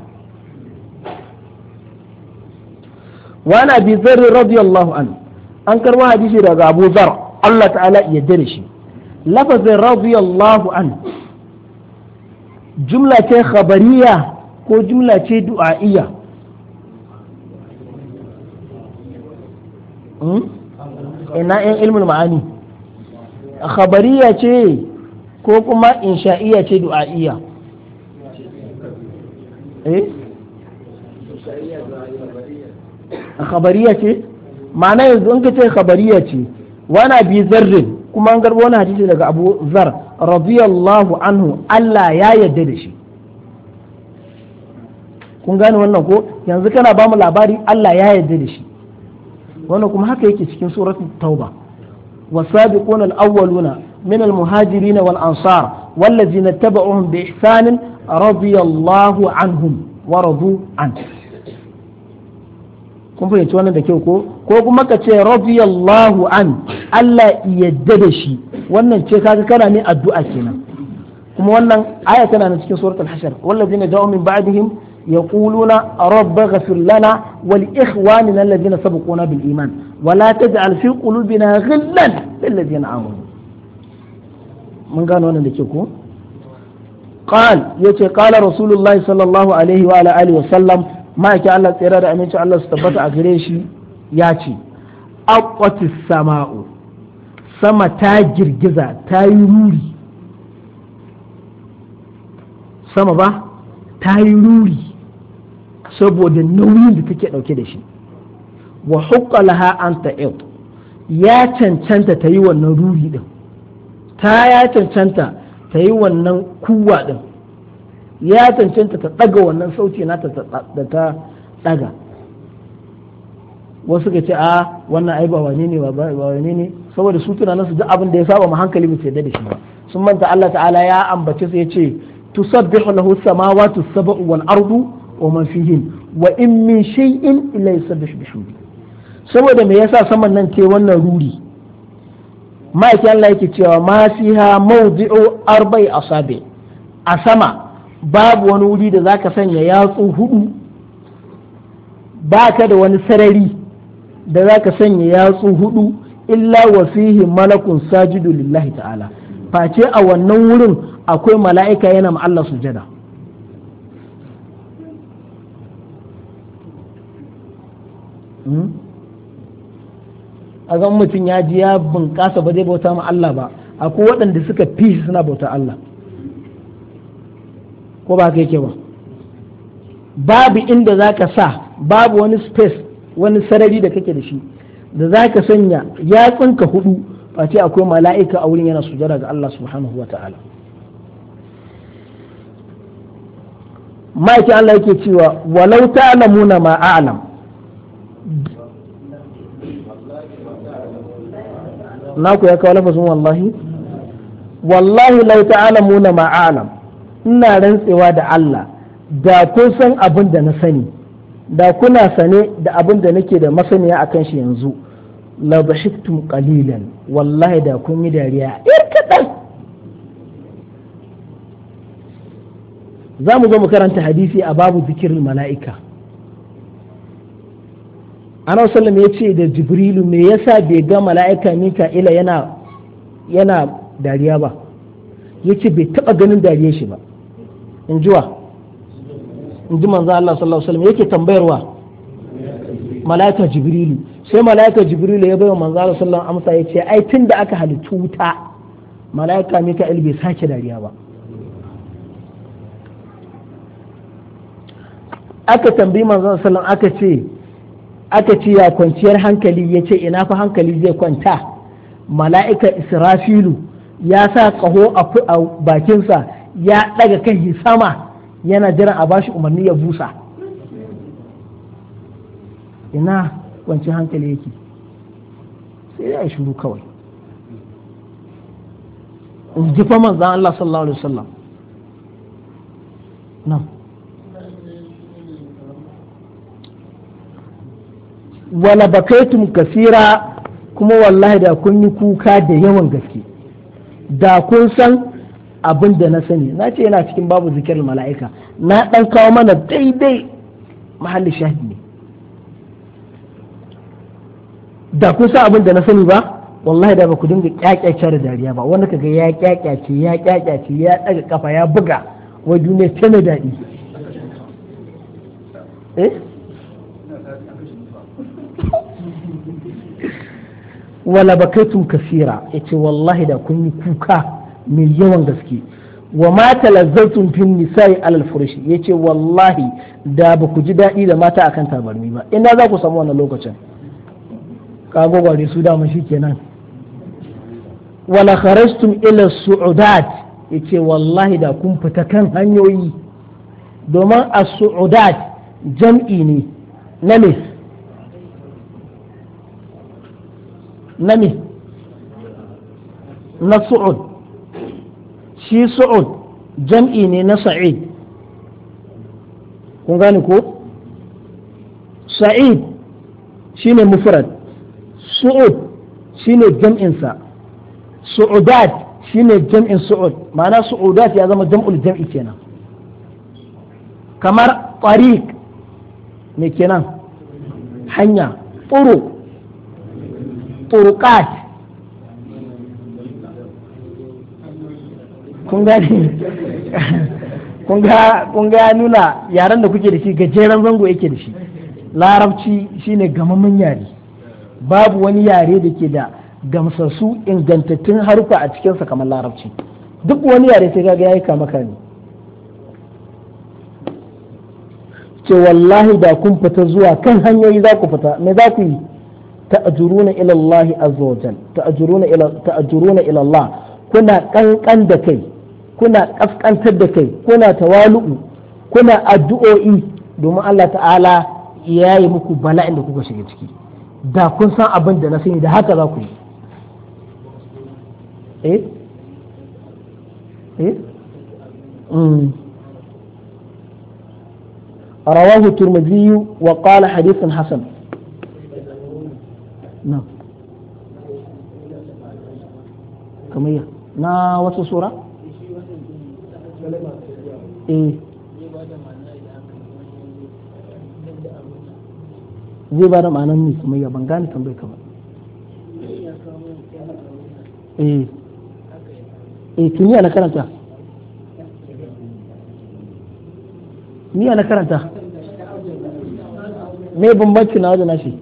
wa ana bi dharr radiyallahu anhu an karwa hadisi daga Abu Dharr Allah ta'ala ya dare shi lafazin radiyallahu an jumla ce khabariya ko jumla ce du'a'iyya Hmm? ina yan ilmul ma'ani khabariya ce ko kuma insha'iya ce du'a'iya eh khabariya ce ma'ana yanzu in ka ce khabariya ce wana bi zarrin kuma an garbo wani hadisi daga abu zar radiyallahu anhu Allah ya yadda da shi kun gane wannan ko yanzu kana ba mu labari Allah ya yadda da shi wannan kuma haka yake cikin suratul tauba والسابقون الأولون من المهاجرين والأنصار والذين اتبعوهم بإحسان رضي الله عنهم ورضوا عنه kun fahimci wannan da kyau ko ko kuma ka ce radiyallahu an Allah yadda da shi wannan ce kaga kana ni addu'a kenan kuma wannan aya tana na cikin suratul hashr wallazina ja'u min ba'dihim يقولون رب اغفر لنا ولإخواننا الذين سبقونا بالإيمان ولا تجعل في قلوبنا غلا للذين آمنوا من قال وانا لكيكو قال يتي قال رسول الله صلى الله عليه وعلى آله وسلم ما يكي الله تيرار أمين الله ستبتع غريشي ياتي أقوت السماء سما تاجر جزا تايروري sama ba ta yi ruri saboda nauyin da take ɗauke da shi wa huqqalaha an ta'id ya cancanta ta yi wannan ruri din ta ya cancanta ta yi wannan kuwa din ya cancanta ta ɗaga wannan sauti ta da ta ɗaga wasu ka ce a wannan ai ba wane ne ba wane ne saboda su tunanin su duk abin da ya saba mu hankali mu su da shi ba sun manta Allah ta'ala ya ambace su ya ce tusabbihu lahu samawati sab'u wal ardu wa man fihin wa in min shay'in illa saboda me yasa saman nan ke wannan ruri ma'aikin Allah yake cewa ma fiha mawdi'u arba'i asabi a sama babu wani wuri da zaka sanya yatsu hudu baka da wani sarari da zaka sanya yatsu hudu illa wa fihi malakun sajidu lillahi ta'ala face a wannan wurin akwai mala'ika yana ma Allah sujada Hmm? a ga mutum ya ji ya bunƙasa ba zai bauta ma Allah ba akwai waɗanda suka fi suna bauta Allah ko ba ka yake ba babu inda za ka sa babu wani space wani sarari da kake da shi da za ka sanya yatsunka hudu face akwai mala'ika a wurin yana sujara ga Allah subhanahu wa ta'ala ma'aikin Allah yake cewa walau ta'lamuna ma a'lam naku ya kawo lafazin wallahi wallahi lau ta'alamuna ma'alam ina rantsewa da Allah da kun san abin da na sani da kuna sane da abin da nake da masaniya a kan shi yanzu la bashiktum qalilan wallahi da kun yi dariya ir kadan za mu zo mu karanta hadisi a babu zikirin mala'ika ana sallam ya ce da jibrilu me yasa bai ga mala'ika mika'ila yana yana dariya ba ya ce bai taɓa ganin dariya shi ba in wa? in ji manzo Allah sallallahu alaihi wasallam yake tambayarwa mala'ika jibrilu sai mala'ika jibrilu ya baiwa manzo Allah sallallahu alaihi wasallam amsa yace ai tunda aka halittu wuta mala'ika mika'il bai sake dariya ba aka tambayi manzo sallallahu alaihi wasallam aka ce aka ce ya kwanciyar hankali ya ce ina fa hankali zai kwanta mala'ika israfilu ya sa ƙaho a bakinsa ya ɗaga kan sama yana jiran a bashi umarni ya busa ina kwanci hankali yake sai ya shiru kawai in ji fa manzan Allah sallallahu alaihi wasallam nan wala bakaitum kasira kuma wallahi da kun yi kuka da yawan gaske da kun san abin da na sani na ce yana cikin babu zikirin mala'ika na ɗan kawo mana daidai mahalli shahid ne da kun san abin da na sani ba wallahi da ba ku dinga kyakyace da dariya ba wanda kaga ya kyakyace ya kyakyace ya daga kafa ya buga wa duniya ta mai daɗi eh wala bakaitum kasira yace wallahi da kun yi kuka mai yawan gaske wa ma talazzatun fin nisa'i alal furishi yace wallahi da ba ku ji daɗi da mata akan tabarmi ba ina za ku samu wannan lokacin kago gware su dama kenan wala kharajtum ila su'udat yace wallahi da kun fita kan hanyoyi domin as-su'udat jam'i ne na me na me na su'ud shi su'ud jam'i ne na sa'id kun gane ko sa'id shi ne mufrad su'ud shi ne jam'insa su'udat ne jam'in su'ud ma'ana su'udat ya zama jam'ul jam'i kenan kamar tariq me kenan hanya furu. turuqat kun ga nuna yaren da kuke da shi gajeren zango yake da shi larabci shine gamamman yare babu wani yare da ke da gamsassu ingantattun harufa a cikinsa kamar larabci duk wani yare sai kaga yi kama kame ce wallahi da kun fita zuwa kan hanyoyi za ku fita me za ku yi ta'juruna ila Allah azza wajal ta'juruna kuna kankan da kai kuna kaskantar da kai kuna tawalu'u kuna addu'o'i domin Allah ta'ala ya yi muku bala'in da kuka shiga ciki da kun san abin da na sani da haka za ku yi eh eh رواه الترمذي وقال حديث حسن na kamar yi na wata sura eh. zai ba da ma'anar ne kamar ya ban gane tambayar ka eh eh tuniya na karanta miya na karanta mai bambanci na wajen nashi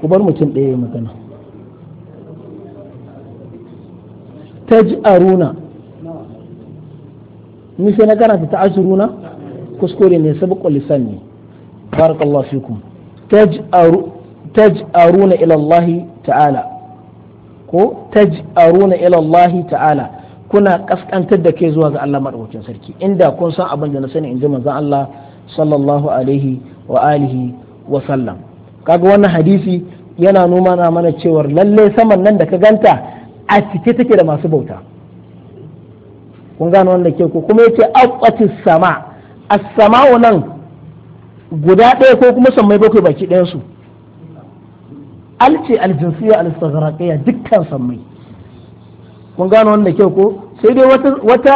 ku bar mutum ɗaya magana taj'aruna ni sai na karanta ta ashiruna kuskure ne sabqul lisan ne barakallahu fikum taj'aruna ila Allah ta'ala ko taj'aruna ila Allah ta'ala kuna kaskantar da kai zuwa ga Allah madaukakin sarki inda kun san abin da na sani in ji manzon Allah sallallahu alaihi wa alihi wa sallam kaga wannan hadisi yana nuna mana cewar lalle saman nan da ka ganta a cike take da masu bauta kun gano wanda ke ko kuma yace aqati sama as-sama'u nan guda ɗaya ko kuma mai bakwai baki ɗayan su alce aljinsiya al-istighraqiyya dukkan sammai kun gano wanda ke ko sai dai wata wata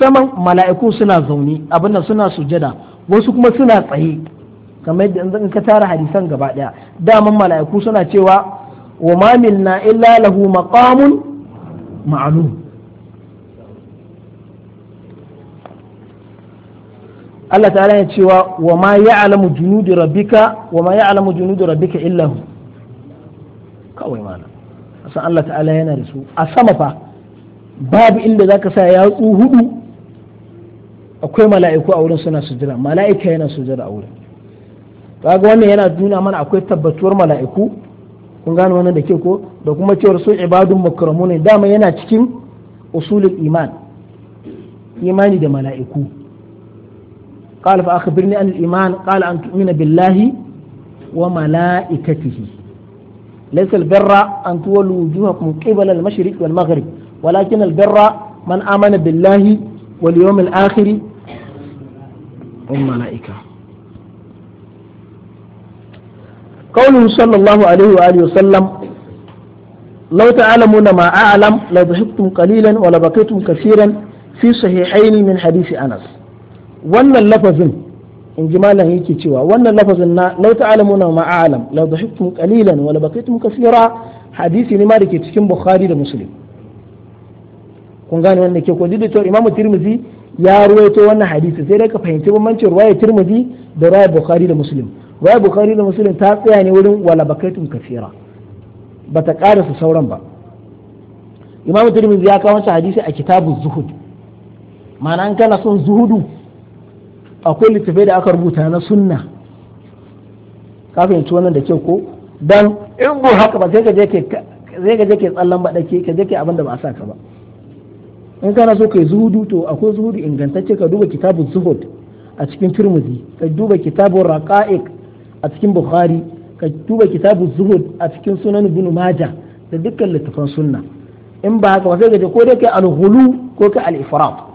saman mala'iku suna zaune abin suna sujada wasu kuma suna tsaye kamar yadda in ka tara hadisan gaba daya daman mala'iku suna cewa wa ma minna illa lahu maqamun ma'lum Allah ta'ala ya cewa wa ma ya'lamu junudi rabbika wa ma ya'lamu junudi rabbika illa hu kawai mana san Allah ta'ala yana da su a sama fa babu inda zaka sa yatsu hudu akwai mala'iku a wurin suna sujira mala'ika yana sujira a wurin kaga wannan yana nuna mana akwai tabbatuwar mala'iku kun gane wannan da ke ko da kuma cewar su ibadun makramu ne dama yana cikin usulul iman imani da mala'iku قال فأخبرني عن الإيمان قال أن تؤمن بالله وملائكته ليس البر أن تولوا وجوهكم قبل المشرق والمغرب ولكن البر من آمن بالله واليوم الآخر والملائكة قوله صلى الله عليه وآله وسلم لو تعلمون ما أعلم لضحكتم قليلا ولبقيتم كثيرا في صحيحين من حديث أنس وأن اللفظ in yake cewa wannan lafazin na lau ta'alamuna ma a'lam law dhahiktum qalilan hadisi ne ma dake cikin bukhari da kun gane wannan ke ko da to imamu tirmidhi ya ruwaito wannan hadisi sai dai ka fahimci bambancin ruwaya tirmidhi da ruwaya bukhari da muslim wai bukari da musulun ta tsaya ne wurin wala bakaitun kafira ƙara su sauran ba imamu turmin ya kawo hadisi a kitabun zuhud ma'ana an kana son zuhudu akwai littafai da aka rubuta na sunna ka fahimci wannan da kyau ko dan in go haka ba sai ka je ke ke tsallan ba dake ka je ke abin da ba a sa ka ba in kana so kai zuhudu to akwai zuhudu ingantacce ka duba kitabun zuhud a cikin turmuzi ka duba kitabun raqa'iq a cikin bukhari ka duba kitabu zuhud a cikin sunan ibn majah da dukkan littafan sunna in ba haka ba sai gaje ko dai kai al-ghulu ko kai al-ifrat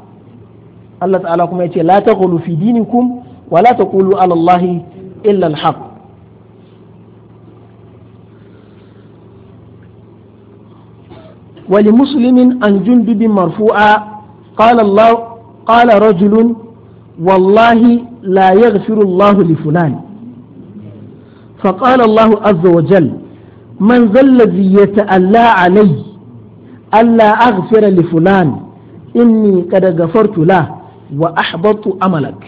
Allah ta'ala kuma yace la taghulu fi dinikum wa la taqulu ala Allah illa al-haq ولمسلم عن جندب مرفوعا قال الله قال رجل والله لا يغفر الله لفلان فقال الله عز وجل من ذا الذي يتألى علي ألا أغفر لفلان إني قد غفرت له وأحبطت عملك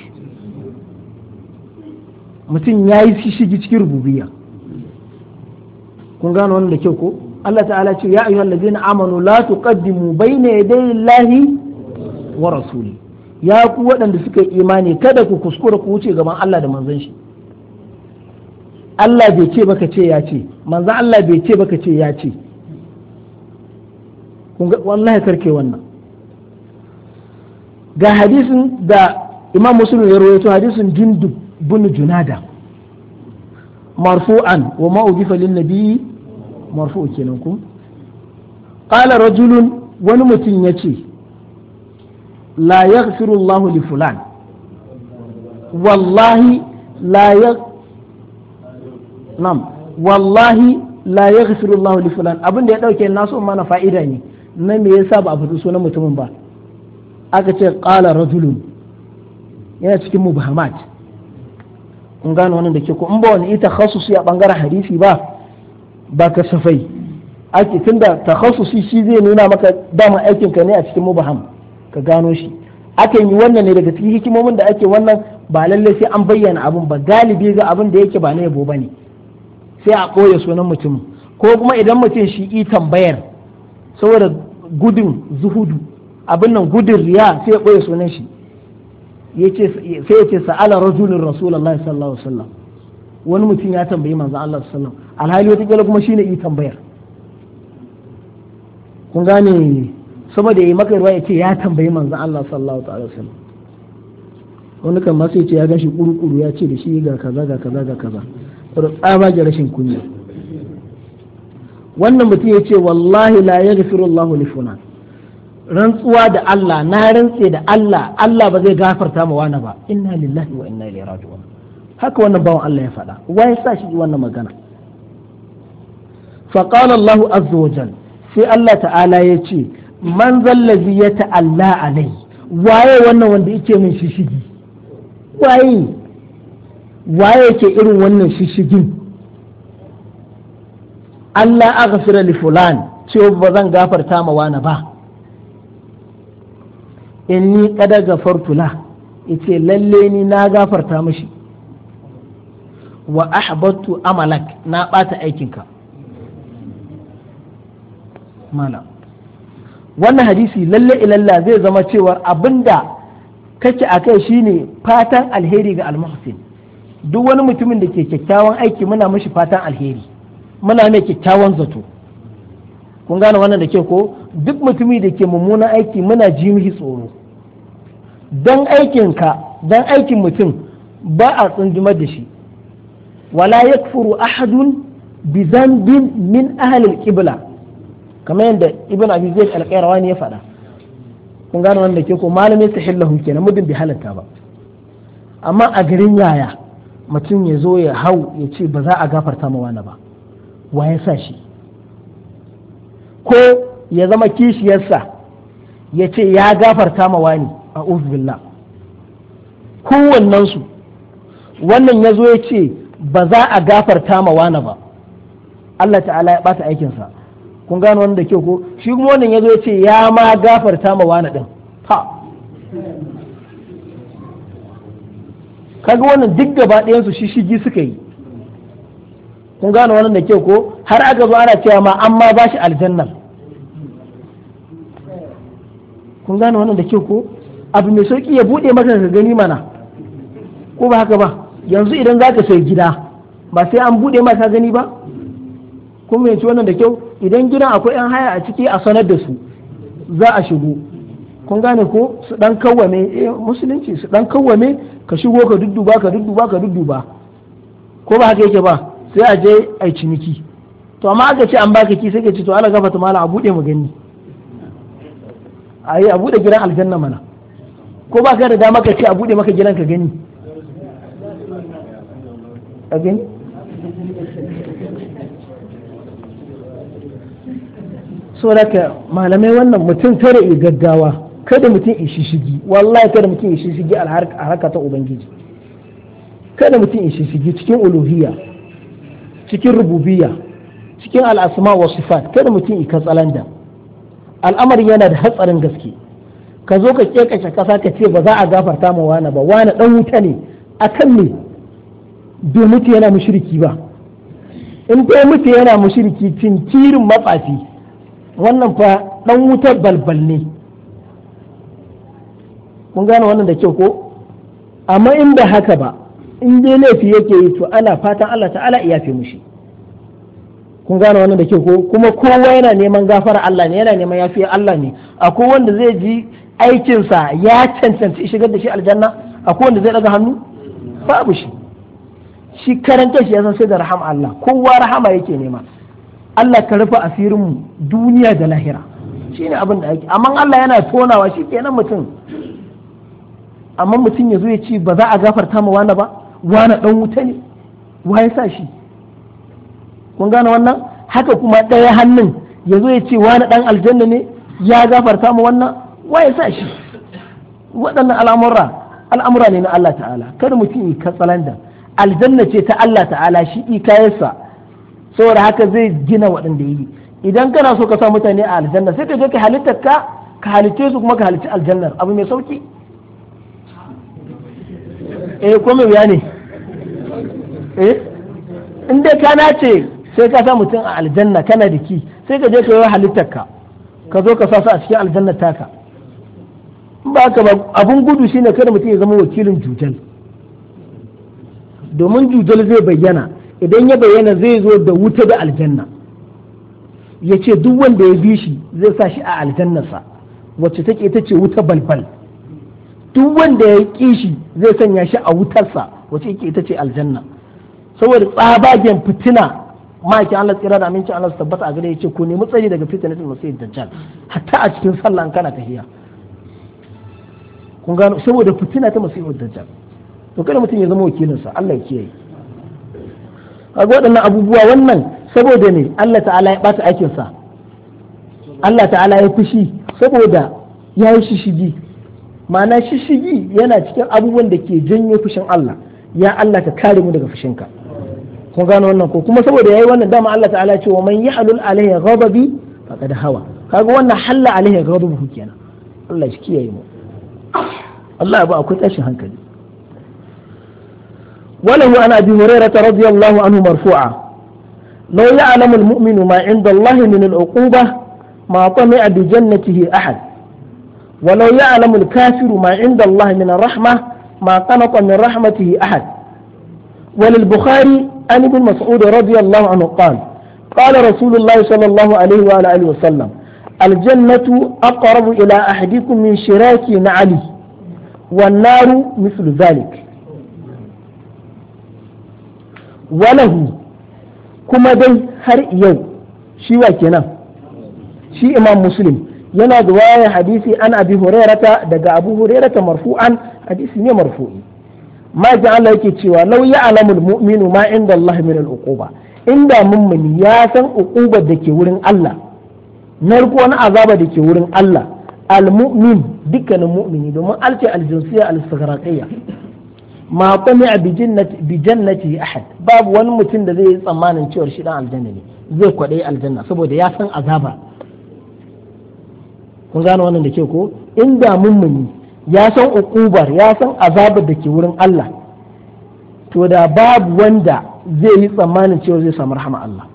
mutum ya yi shigi cikin rububiya kun gano wannan da kyau ko Allah ta'ala ce ya ayyuhal ladina amanu la tuqaddimu bayna yaday Allahi wa rasuli ya ku waɗanda suka imani kada ku kuskura ku wuce gaban Allah da manzon shi Allah bai ce baka ce ya ce manzan Allah bai ce baka ce ya ce wallahi karke wannan ga hadisin da imam muslim ya rawaito hadisin jundub bin junada marfu'an wa ma udifa lin nabi marfu'u kenan ku qala rajulun wani mutum yace la yaghfiru Allahu li fulan wallahi la yaghfiru nam wallahi la gafiru Allah li fulan abin da ya dauke nasu mana fa'ida ne na me yasa ba a fito sunan mutumin ba aka ce qala rajulun yana cikin mubhamat in gano wannan da ke ko in ba wani su a bangaren hadisi ba ba kasafai ake tunda takhassusi shi zai nuna maka dama aikin ka ne a cikin mubham ka gano shi aka yi wannan ne daga cikin hikimomin da ake wannan ba lallai sai an bayyana abun ba galibi ga abin da yake ba na yabo ne. sai a koya sunan mutum ko kuma idan mutum shi yi tambayar saboda gudun zuhudu abin nan gudun riya sai ya koya sunan shi sai ya ce sa'ala rajulun rasulullahi sallallahu alaihi wasallam wani mutum ya tambayi manzo Allah sallallahu alhali wata kila kuma shine yi tambayar kun gane saboda yayi maka ruwa ya ce ya tambayi manzo Allah sallallahu alaihi wasallam wani kan ma sai ya ce ya gashi kuru-kuru ya ce da shi ga kaza ga kaza ga kaza tsabage rashin kunya wannan mutum ya ce wallahi la yaghfiru Allahu li fulan rantsuwa da Allah na rantse da Allah Allah ba zai gafarta ma wani ba inna lillahi wa inna ilaihi raji'un haka wannan bawan Allah ya faɗa wa ya sa shi wannan magana fa qala Allahu azza wa jal sai Allah ta'ala ya ce man zallazi ya ta'alla alai waye wannan wanda yake min shishigi waye waye yake irin wannan shishigin Allah aghfira li fulan cewa ba zan gafarta ma wani ba In ni kada gafartu la yace lalle ni na gafarta mashi wa ahbattu amalak na bata aikinka mana wannan hadisi lalle ilalla zai zama cewa abinda kake akai shine fatan alheri ga almuhsin duk wani mutumin da ke kyakkyawan aiki muna mashi fatan alheri muna mai kyakkyawan zato kun gane wannan da ke ko duk mutumi da ke mummunan aiki muna ji mishi tsoro don aikinka don aikin mutum ba a tsundumar da shi wala yakfuru ahadun bi zambin min ahalin kibla kamar yadda ibn abi alkairawa ne ya faɗa kun gane wannan da ke ko malamin sahillahu kenan mudin bi halatta ba amma a garin yaya mutum ya zo ya hau ya ce ba za a gafarta ma wani ba wa ya sa shi ko ya zama kishiyarsa ya ce ya gafarta ma wani a billah kowannensu wannan ya zo ya ce ba za a gafarta ma wani ba Allah ta'ala ya bata aikinsa kun gano wanda kyau ko shi kuma wannan ya zo ya ce ya ma gafarta ma wani din ha kaga wannan duk gaba ɗayan su shishigi suka yi kun gane wannan da kyau ko har aka zo ana cewa ma an ma ba shi aljanna kun gane wannan da kyau ko abu mai sauki ya buɗe masa ka gani mana ko ba haka ba yanzu idan za ka sai gida ba sai an buɗe maka gani ba kun yanzu wannan da kyau idan gidan akwai 'yan haya a ciki a sanar da su za a shigo kun gane ko su dan kawwame eh musulunci su dan kawwame ka shigo ka dudduba ka dudduba ka dudduba ko ba haka yake ba sai a je a ciniki to amma aka ce an baka ki sai ka ce to ala gafata mala a bude mu gani ai a bude gidan aljanna mana ko ba ka da dama ka ce a bude maka gidan ka gani So da ka malamai wannan mutum tare gaggawa kada mutum ya shishigi wallahi kada mutum ya shishigi a harka ta ubangiji kada mutum ya shishigi cikin uluhiyya cikin rububiyya cikin al'asma wa sifat kada mutum ya katsalanda al'amari yana da hatsarin gaske ka zo ka kekace kasa ka ce ba za a gafarta ma wani ba wani dan wuta ne akan ne bai mutu yana mushriki ba in dai mutu yana mushriki tintirin matsafi wannan fa dan wutar balbal ne mun gane wannan da kyau ko amma in ba haka ba in dai laifi yake yi to ana fatan Allah ta'ala ya fi mushi kun gane wannan da kyau ko kuma kowa yana neman gafara Allah ne yana neman yafiya Allah ne akwai wanda zai ji aikinsa ya cancanci shigar da shi aljanna akwai wanda zai daga hannu babu shi shi karanta shi ya san sai da rahama Allah kowa rahama yake nema Allah ka rufe asirin duniya da lahira shine abin da ake amma Allah yana tonawa shi kenan mutum amma mutum ya zo ya ce ba za a gafarta ma wani ba wani dan wuta ne wa ya sa shi kun gane wannan haka kuma ɗaya hannun ya zo ya ce wani dan aljanna ne ya gafarta ma wannan wa ya sa shi waɗannan al'amura al'amura ne na Allah ta'ala kada mutum yi katsalanda aljanna ce ta Allah ta'ala shi ikayarsa saboda haka zai gina waɗanda yi idan kana so ka sa mutane a aljanna sai ka je ka halitta ka ka su kuma ka halicci aljannar abu mai sauki eh ko mai bayani eh in dai ka nace sai ka sa mutum a aljanna kana da ki sai ka je ka yi halittar ka ka zo ka sa su a cikin aljanna taka ba ka ba abun gudu shine kada mutum ya zama wakilin jujal domin jujal zai bayyana idan ya bayyana zai zo da wuta da aljanna ya ce duk wanda ya bi shi zai sa shi a sa wacce take ita ce wuta balbal duk wanda ya ƙi shi zai sanya shi a wutarsa wace yake ita ce aljanna saboda tsabagen fitina ma'aikin Allah tsira da amincin Allah su tabbata a gare ya ce ku nemi tsari daga fitinatul yin dajjal hatta a cikin sallah kana tahiyya kun gano saboda fitina ta yin dajjal to kada mutum ya zama wakilinsa Allah ya kiyaye kaga waɗannan abubuwa wannan saboda ne Allah ta'ala ya bata aikinsa Allah ta'ala ya fushi saboda ya yi shishigi ma'ana shishigi yana cikin abubuwan da ke janyo fushin Allah ya Allah ka kare mu daga fushinka kun gano wannan ko kuma saboda yayi wannan dama Allah ta'ala ce wa man ya'lul alayhi ghadabi faqad hawa kaga wannan halla alayhi ghadabuhu kenan Allah shi kiyaye mu Allah ba akwai tashin hankali bi عن ابي هريره رضي الله عنه مرفوعا muminu ma 'inda Allah min al-'uquba ma qami'a bi jannatihi ahad walau ya'lamu al-kafiru ma inda Allah min ar-rahma ma qanata min rahmatihi ahad وللبخاري عن ابن مسعود رضي الله عنه قال قال رسول الله صلى الله عليه وآله وسلم الجنة أقرب إلى أحدكم من شراك نعلي والنار مثل ذلك وله كما دي هر يوم شي واكنا شي إمام مسلم yana da waya hadisi an abi hurairata daga abu hurairata marfu'an hadisi ne marfu'i ma'aikin Allah yake cewa lau ya alamul mu'minu ma inda Allah min al-uquba inda mummuni ya san uqubar da ke wurin Allah narko wani azaba da ke wurin Allah al-mu'min dukkanin mu'mini domin alce al-jinsiyya al-sagratiyya ma qami bi jannati ahad babu wani mutum da zai yi tsammanin cewa shi dan aljanna ne zai kwadai aljanna saboda ya san azaba kun gane wannan da ke ko inda mummuni ya san ukubar ya san azabar da ke wurin Allah to da babu wanda zai yi tsammanin cewa zai samu rahama Allah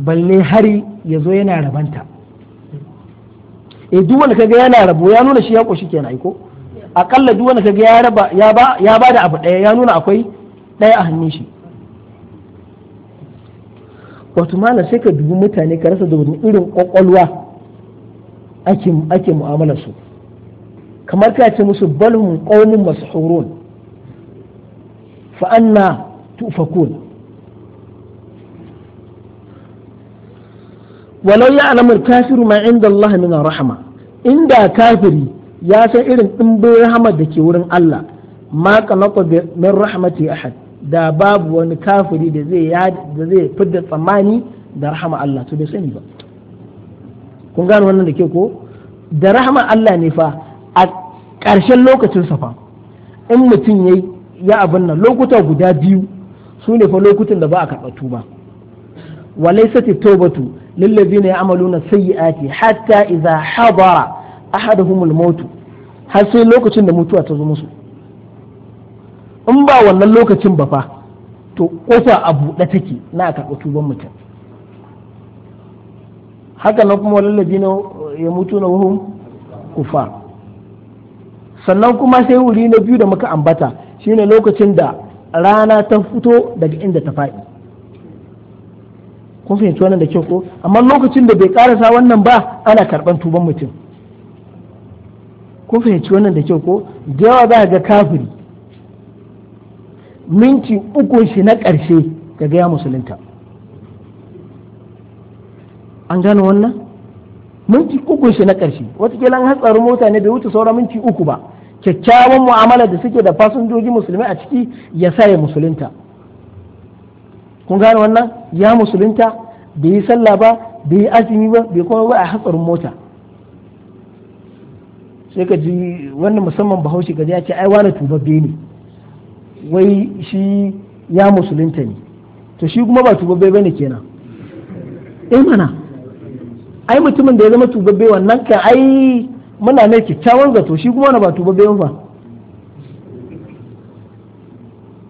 balle hari ya zo yana rabanta e duk wanda kaga yana rabo ya nuna shi ya koshi kenan aiko akalla duk wanda kaga ya raba ya ba ya bada abu daya ya nuna akwai daya a hannun shi wato mana sai ka dubi mutane ka rasa da irin kwakwalwa ake mu'amala su kamar ka ce musu balhum qaumun mashhurun fa anna tufakun walau ya alamar kafiru ma inda Allah min rahama inda kafiri ya san irin dimbin rahama da ke wurin Allah ma kanaka min rahmati ahad da babu wani kafiri da zai da zai fidda tsammani da rahama Allah to bai sani ba kun gano wannan da ke ko da rahama Allah ne fa a ƙarshen lokacin safa in mutum ya ya abin nan lokuta guda biyu su ne fa lokutan da ba a karɓa tuba wa laysat tawbatu lil ladzina ya'maluna sayyi'ati hatta idza hadara ahaduhumul maut har sai lokacin da mutuwa ta zo musu in ba wannan lokacin ba fa to kofa a buɗe take na karɓi tuban mutum haka nan kuma wallabi na ya mutu na wuhun kufa sannan kuma sai wuri na biyu da muka ambata shine lokacin da rana ta fito daga inda ta faɗi kun fahimci wannan da kyau ko amma lokacin da bai karasa wannan ba ana karɓar tuban mutum kun fahimci wannan da kyau ko da yawa za ga kafiri minti ukun shi na ƙarshe ka gaya musulunta an gano wannan minti ukun shi na ƙarshe watakila an hatsarin mota ne bai wuce sauran minti uku ba kyakkyawan mu'amala da suke da fasinjoji musulmi a ciki ya sa ya musulunta kun gano wannan ya musulunta bai yi sallah ba bai yi azumi ba bai kuma ba a hatsarin mota sai ka ji wannan musamman bahaushe gaji ya ce ai wani tubabbe ne wai shi ya musulunta ne to shi kuma ba tubabbe bane kenan eh mana ai mutumin da ya zama tubabbe wannan kan ai muna ne kyakkyawan zato shi kuma ba tubabbe ba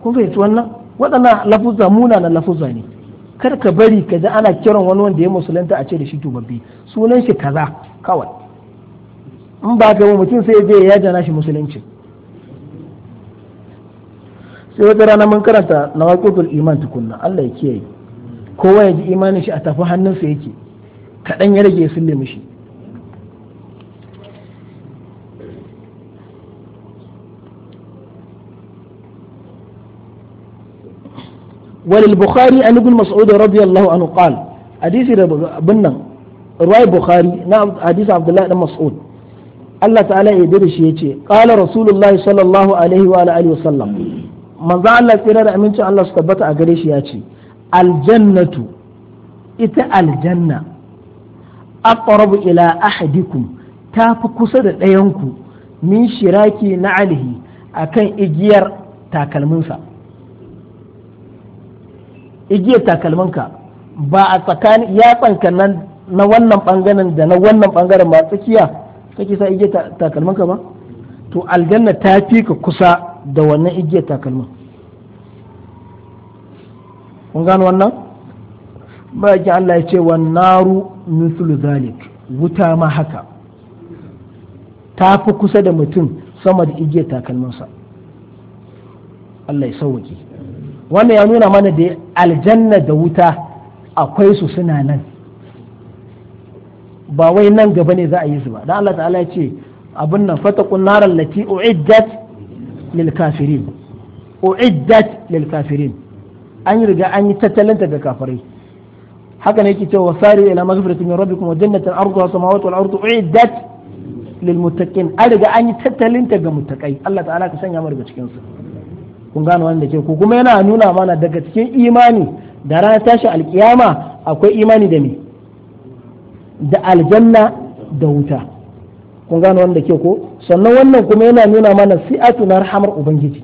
kun fahimci wannan waɗannan lafuzza munanan lafuzza ne kar ka bari ka ji ana kiran wani wanda ya musulunta a ce da shi tubabbe sunan shi kaza kawai in ba ka mutum sai ya je ya jana shi musulunci sai wata ranar mun karanta na waƙoƙul iman tukunna Allah ya kiyaye kowa ya ji imanin shi a tafi hannunsa yake kaɗan ya rage sulle mishi walil bukhari an ibn mas'ud radiyallahu anhu qal hadisi da bunnan ruwai bukhari na hadisi abdullahi dan mas'ud Allah ta'ala ya dirishi yace qala rasulullahi sallallahu alaihi wa alihi manzo Allah tsira da amincin Allah su tabbata a gare shi ya ce aljannatu ita aljanna aqrabu ila ahadikum ta fi kusa da ɗayanku min shiraki na alihi kan igiyar takalminsa igiyar takalminka ba a tsakani ya tsankanan na wannan ɓangaren da na wannan ɓangaren ba tsakiya kake sa igiyar takalminka ba to aljanna ta fi ka kusa da wannan igiyar takalmin kun gano wannan bayan Allah ya ce wa naru mislu zalik wuta ma haka ta fi kusa da mutum sama da igiyar takalminsa Allah ya sauwake wannan ya nuna mana da aljanna da wuta akwai su suna nan ba wai nan gaba ne za a yi su ba dan Allah ta'ala ya ce abin nan fatakun naran lati uiddat للكافرين أعدت للكافرين أن يرجع أن يتتلنت ككافرين haka ne yake cewa إلى مغفرة من ربكم وجنة الأرض jannatin والأرض أعدت wal أرجع أن يتتلنت muttaqin الله تعالى an yi tattalinta ga Allah ta'ala ka sanya mu kun gane wanda ke ku kuma yana nuna mana daga cikin imani da ranar tashi alkiyama akwai imani da me da aljanna da wuta kun gano wanda ke ko sannan wannan kuma yana nuna mana si'atu na rahamar ubangiji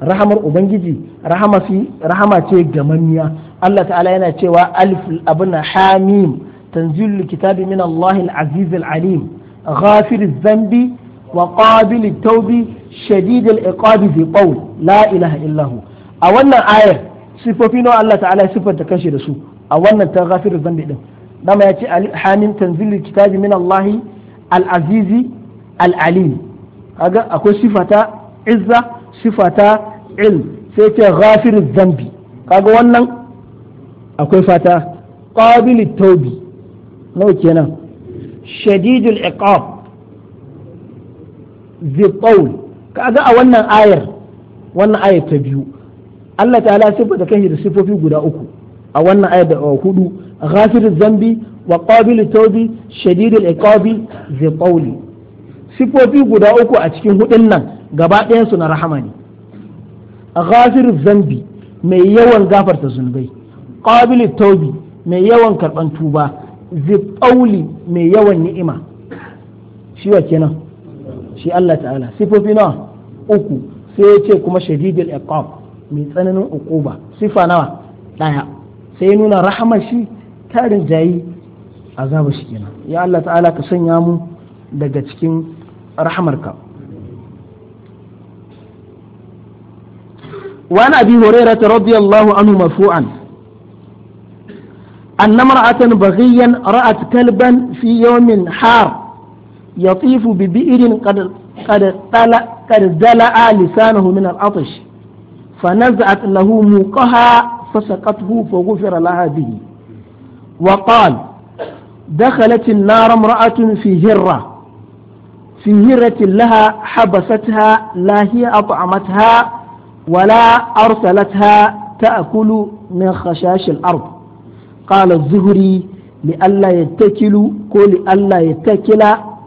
rahamar ubangiji rahama rahama ce gamanniya Allah ta'ala yana cewa alif abuna hamim tanzilul kitabi min Allah al-aziz al-alim ghafir adh-dhanbi wa qabil at-tawbi shadid al bi qawl la ilaha illa hu a wannan ayar sifofi nawa Allah ta'ala ya sifanta kanshi da su a wannan ta ghafir adh-dhanbi din dama ya ce hamim tanzilul kitabi min Allah al-azizi al-alim kaga akwai sifata izza sifata ilm sai ce ghafir zambi kaga wannan akwai fata qabil taubi nawa kenan shadidul iqab zi qawl kaga a wannan ayar wannan ayar ta biyu Allah ta'ala sifata kanshi da kan sifofi guda uku a wannan ayar da hudu غافر الذنب وقابل التوب شديد العقاب ذي طول sifofi guda uku a cikin huɗun nan gaba ɗayansu na rahama ne ghafir zambi mai yawan gafarta zunubai qabilu taubi mai yawan karban tuba zibauli mai yawan ni'ima shi wa kenan shi Allah ta'ala sifofi nawa uku sai ya ce kuma shadidul iqab mai tsananin uquba sifa nawa daya sai ya nuna rahamar shi ta rinjayi azabu shi kenan ya Allah ta'ala ka sanya mu daga cikin rahamarka وعن أبي هريرة رضي الله عنه مرفوعا أن امرأة بغيا رأت كلبا في يوم حار يطيف ببئر قد قد طلع قد دلع لسانه من العطش فنزعت له موقها فسقته فغفر لها به وقال دخلت النار امرأة في هرة في هرة لها حبستها لا هي أطعمتها ولا أرسلتها تأكل من خشاش الأرض قال الزهري لئلا يتكل قل لئلا يتكل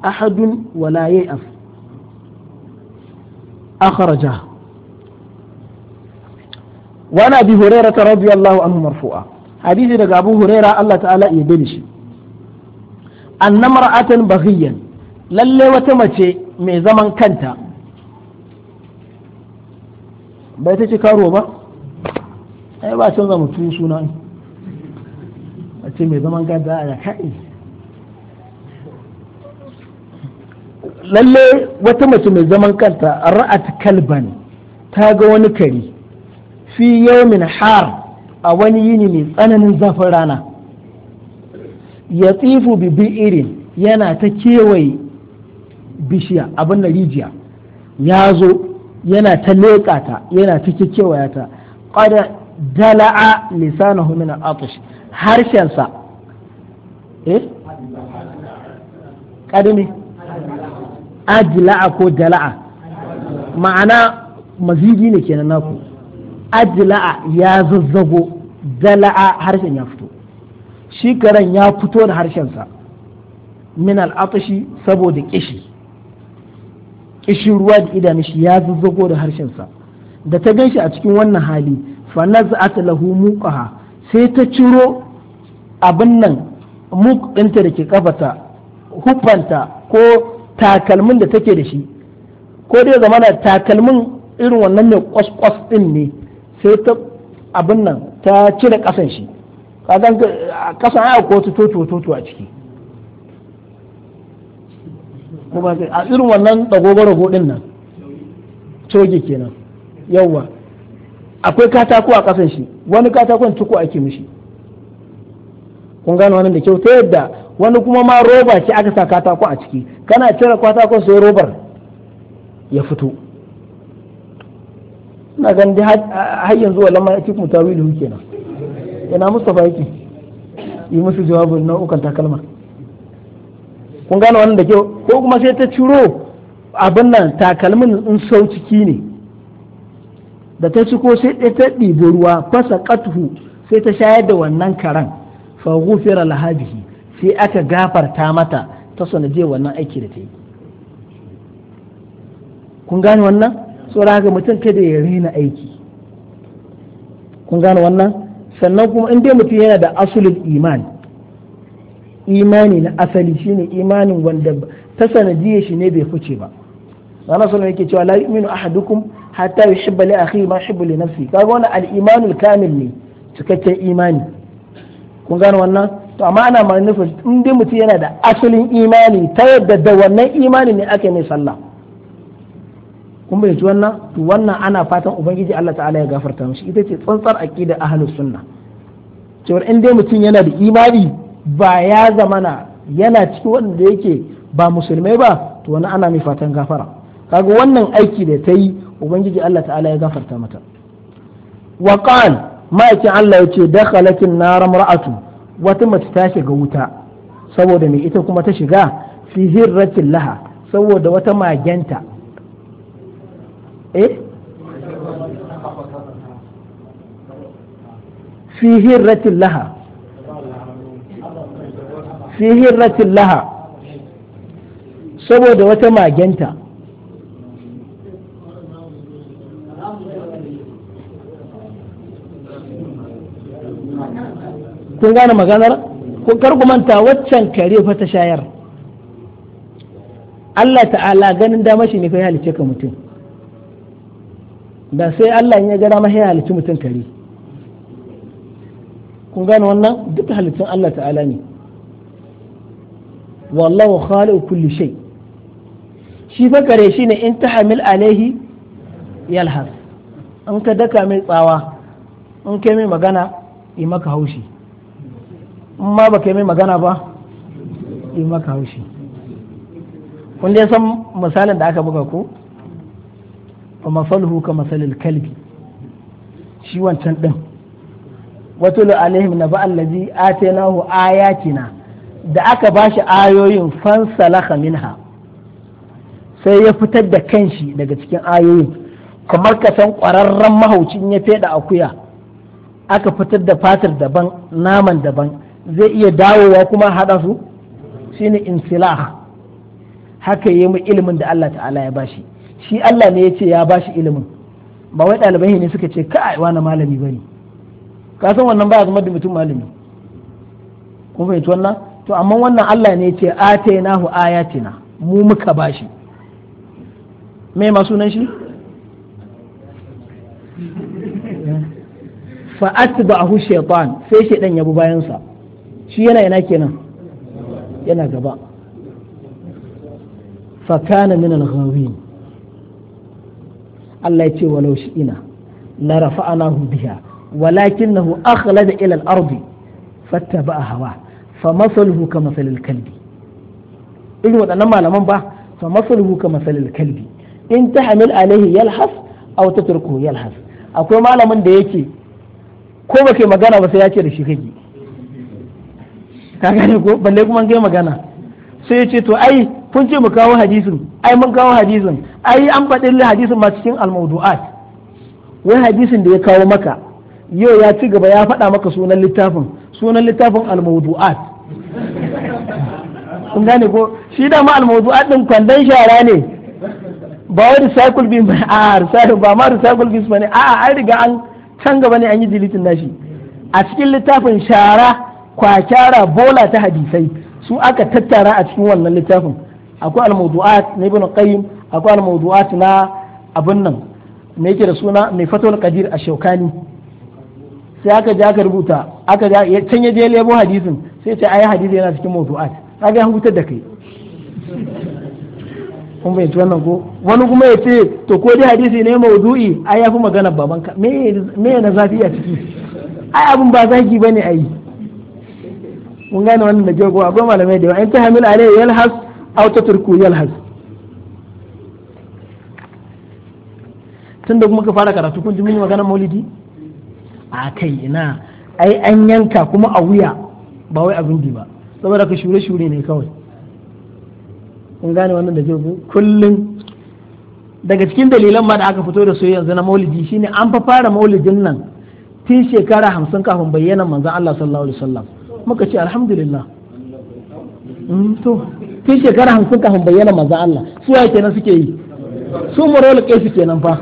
أحد ولا ييأس أخرجه وعن أبي هريرة رضي الله عنه مرفوعا hadisi daga abu huraira Allah ta'ala ya dani shi anna mar'atan baghiyan lalle wata mace mai zaman kanta bai ta ci karo ba ai ba canza mutum suna a ce mai zaman kanta a kai lalle wata mace mai zaman kanta ra'at kalban ta ga wani kari fi yawmin har a wani yini mai tsananin zafin rana ya tsifu bibi irin yana ta kewaye bishiya abin da rijiya ya zo yana ta leƙa ta yana ta kewaya ta ƙada dala'a lisanahu min al harshensa eh ƙadimi ko dala'a ma'ana mazigi ne kenan naku ajila'a ya zazzago dala'a harshen ya fito shi karen ya fito da harshensa min al'atashi saboda kishi kishin ruwa da idanun shi ya zazzago da harshensa da ta ganshi a cikin wannan hali fa naz'at lahu muqaha sai ta ciro abin nan muk ɗinta da ke kafata hufanta ko takalmin da take da shi ko dai zamana takalmin irin wannan mai kwaskwas ɗin ne sai ta abin nan ta cire kasan shi kasan kasan ai akwai to to to a ciki kuma a irin wannan dagogo rago din nan coge kenan yawwa akwai katako a kasan shi wani katakon tuko ake mishi kun gano wannan da kyau ta yadda wani kuma ma roba ce aka sa katako a ciki kana cire katakon sai robar ya fito ina ganin dai har yanzu wallan ma yati kuma tawilu kenan Ina mustafa yake yi musu jawabin nau'ukan takalma kun gane wannan da kyau ko kuma sai ta ciro abin nan takalmin in sau ciki ne da ta ciko sai ɗaya ta ɗibi ruwa fasa katuhu sai ta shayar da wannan karan fa gufira lahabihi sai aka gafarta mata ta sanadiyar wannan aiki da ta yi kun gane wannan saboda haka mutum kada ya rena aiki kun gane wannan sannan kuma in dai mutum yana da asulin iman imani na asali shine imanin wanda ta sanadiyar shi ne bai fice ba Allah sallallahu yake cewa la yu'minu ahadukum hatta yuhibba li akhihi ma yuhibbu li nafsi kaga wannan al-imanul kamil ne cikakken imani kun gane wannan to amma ana ma in dai mutum yana da asalin imani ta yadda da wannan imani ne ake mai sallah kun bai wannan to wannan ana fatan ubangiji Allah ta'ala ya gafarta mishi ita ce tsantsar aqida ahlus sunna cewa in dai mutum yana da imani ba ya zamana yana cikin wanda yake ba musulmai ba to wani ana mai fatan gafara kaga wannan aiki da ta yi ubangiji Allah ta'ala ya gafarta mata wa qal ma'aikin Allah yace dakhalatin nar mar'atu wata mace ta shiga wuta saboda me ita kuma ta shiga fi hirratin laha saboda wata magenta eh fi laha saboda wata magenta kun gane maganar kar ku manta waccan kare fa ta shayar Allah ta'ala ganin dama shi ne kai halice ka mutum da sai Allah ya ga dama ya halicci mutum kare kun gane wannan duk halittun Allah ta'ala ne wallahu khaliqu kulli shay shi fa kare shine in ta hamil alaihi yalhas an ka daka mai tsawa in kai mai magana yi maka haushi in ma ba kai mai magana ba yi maka haushi kun dai san misalin da aka buga ko wa masaluhu ka masalil kalbi shi wancan din la alaihim na ba'al atainahu ayatina da aka bashi ayoyin fansalaka minha sai ya fitar da kanshi daga cikin ayoyin kamar ka san ƙwararren mahaucin ya feda akuya aka fitar da fatar daban naman daban zai iya dawowa kuma haɗa su shine insilah haka yi mu ilimin da Allah ta'ala ya bashi shi Allah ne ya ce ya bashi ilimin ba wai ɗalibai ne suka ce kai wani malami ba ne, ka san wannan a zama da mutum malami kun fahimci wannan to amma wannan Allah ne ya ce atainahu ayatina mu muka bashi me ma sunan shi fa atba'ahu shaytan sai shaydan ya bi bayan sa shi yana yana kenan yana gaba fa kana min ghawin Allah ya ce walau ina la rafa'anahu biha walakinahu akhlada ila al-ardi fattaba'a hawa fa masaluhu ka masalil kalbi waɗannan malaman ba fa masaluhu ka masalil kalbi in tahmil alaihi yalhas aw tatruku yalhas akwai malamin da yake ko ba kai magana ba sai ya ce da shi kake ka gane ko balle kuma kai magana sai ya ce to ai kun ce mu kawo hadisin ai mun kawo hadisin ai an faɗin hadisin ma cikin almawdu'at wai hadisin da ya kawo maka yau ya ci gaba ya faɗa maka sunan littafin sunan littafin almawdu'at kun gane ko shi da ma almawdu'at din kwandon shara ne ba wa recycle bin a recycle ba ma recycle bin bane a'a an riga an can gaba ne an yi deleting nashi a cikin littafin shara kwakyara bola ta hadisai su aka tattara a cikin wannan littafin akwai al-mawdu'at na ibn qayyim akwai al-mawdu'at na abun nan me yake da suna mai fatul qadir a shawkani sai aka je aka rubuta aka je can ya je lebo hadisin sai ce ai hadisi yana cikin mawdu'at kaga an hutar da kai kun fahimci wannan ko wani kuma ya ce to ko dai hadisi ne mawdu'i ai yafi magana babanka me me na zafi a ciki ai abun ba zaki bane ai mun gane wannan da ke ko akwai malamai da yawa in ta hamil alai yalhas aw tun da kuma ka fara karatu kun ji mini magana maulidi a kai ina ai an yanka kuma a wuya ba wai abin ba saboda ka shure shure ne kawai kun gane wannan da kyau kullum daga cikin dalilan ma da aka fito da su yanzu na maulidi shine an fa fara maulidin nan tun shekara hamsin kafin bayyana manzan Allah sallallahu alaihi wasallam muka ce alhamdulillah tun shekara hamsin kafin bayyana maza Allah su ya kenan suke yi su kai su kenan fa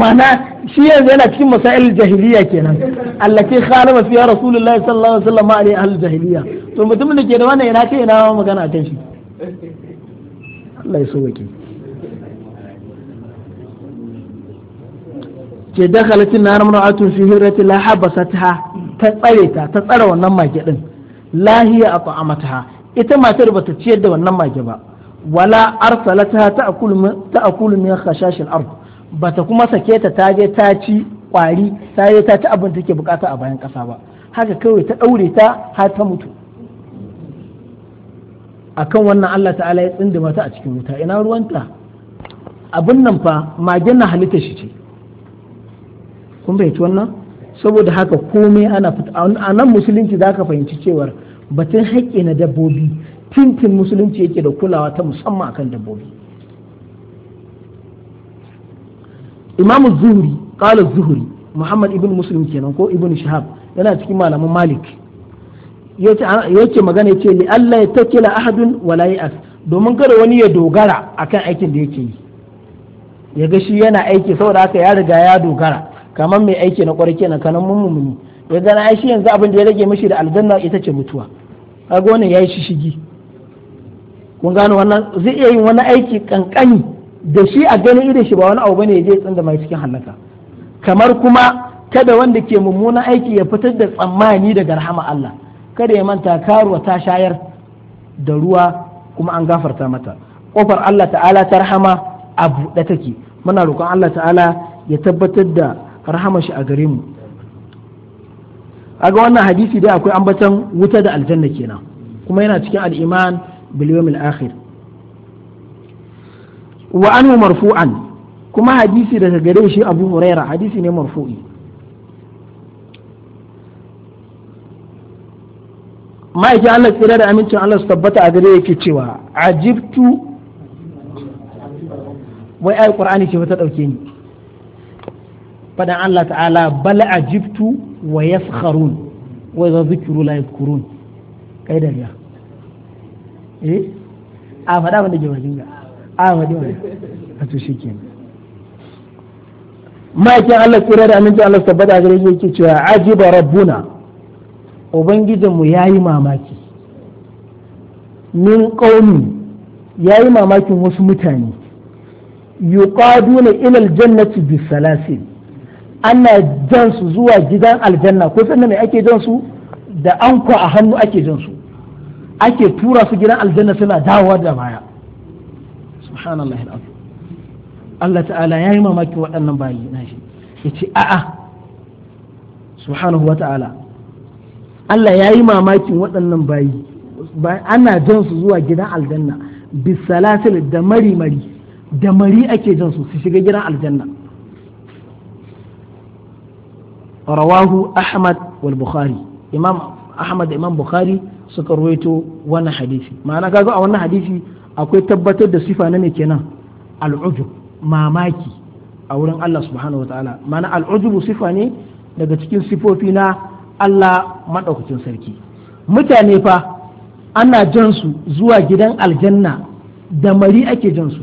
ma'ana shi yanzu yana cikin masail jahiliya kenan Allah allati fi fiha rasulullahi sallallahu alaihi wasallam ali al jahiliya to mutumin da ke da wannan yana kai yana magana kan shi Allah ya wake ke dakalatin na ramra'atun fi hirrati la habasatha ta tsare ta ta tsare wannan maki din lahiya a ta'amataha ita matar bata ciyar da wannan mage ba wala arsalata ta akulu min khashashil ard bata kuma sake ta ta je ta ci kwari ta je ta ci abin da take bukata a bayan kasa ba haka kawai ta daure ta har ta mutu akan wannan Allah ta'ala ya tsinda mata a cikin wuta ina ruwanta abin nan fa magen na halitta shi ce kun bai wannan saboda haka komai ana fita a nan musulunci za ka fahimci cewar batun haƙƙi na dabbobi tintin musulunci yake da kulawa ta musamman akan dabbobi imam zuhuri kala zuhuri muhammad ibn muslim kenan ko ibn shahab yana cikin malamin malik yake magana ce li Allah ya takila ahadun wala ya'as domin kada wani ya dogara akan aikin da yake yi ya ga shi yana aiki saboda haka ya riga ya dogara kamar mai aiki na kwarai kenan kanan mun mumuni ya gana ai shi yanzu abin da ya rage mishi da aljanna ita ce mutuwa kaga wannan yayi shi shigi kun gano wannan zai iya yin wani aiki kankani da shi a ganin idan shi ba wani abu bane ya je tsinda mai cikin hannaka kamar kuma kada wanda ke mummunan aiki ya fitar da tsammani daga rahama Allah kada ya manta karuwa ta shayar da ruwa kuma an gafarta mata kofar Allah ta'ala ta rahama a buɗe take muna roƙon Allah ta'ala ya tabbatar da rahama shi a gare mu aga wannan hadisi dai akwai ambaton wuta da aljanna kenan kuma yana cikin al'iman iman bil akhir wa anhu marfu'an kuma hadisi daga gare shi Abu Huraira hadisi ne marfu'i ma'aikin Allah tsira da amincin Allah su tabbata a gare yake cewa ajibtu wai ai qur'ani ce ta dauke ni fadan Allah ta'ala bal ajibtu wa yaskharun wa idza zikru la yadhkurun kai a faɗa wanda ke bakin a faɗi wani a to shi ke ma'aikin Allah tsira da aminci Allah tabbata gare aji ba cewa ajiba rabbuna ubangijinmu yayi mamaki min qaumi yayi mamakin wasu mutane yuqaduna ila aljannati bisalasil ana jan su zuwa gidan aljanna ko sanna mai ake jan su da anko a hannu ake jan su ake tura su gidan aljanna suna dawowa da baya subhanallah Allah ta'ala ya yi mamaki waɗannan bayi na shi ya ce a'a subhanahu wa ta'ala Allah ya yi mamakin waɗannan bayi ana jan su zuwa gidan aljanna bisalatil da mari mari da mari ake jan su su shiga gidan aljanna rawahu ahmad wal bukhari imam ahmad imam bukhari suka ruwaito wannan hadisi ma'ana kaga a wani hadisi akwai tabbatar da sifa na me kenan al'ujub mamaki a wurin Allah subhanahu wataala ma'ana al'ujub sifa ne daga cikin sifofi na Allah madaukakin sarki mutane fa ana jan su zuwa gidan aljanna da mari ake jansu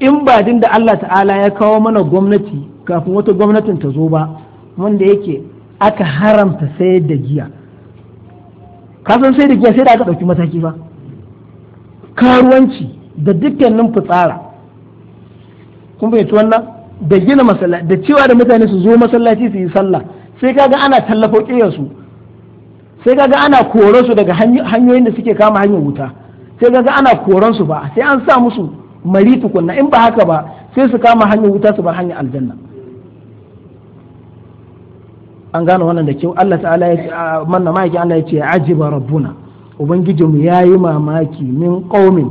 in ba din da Allah ta'ala ya kawo mana gwamnati kafin wata gwamnatin ta zo ba wanda yake aka haramta sayar da giya kasan sai da giya sai da aka ɗauki mataki ba karuwanci da dukkanin fitsara kun bayyaci wannan da gina masallaci da cewa da mutane su zo masallaci su yi sallah sai kaga ana tallafo su sai kaga ana koron su daga hanyoyin da suke kama hanyar wuta sai kaga ana koron ba sai an sa musu mari tukunna in ba haka ba sai su kama hanyar wuta su bar hanyar aljanna an gane wannan da kyau Allah ta'ala ya ce, manna maki Allah ya ce ajiba rabbuna mu yayi mamaki min qaumin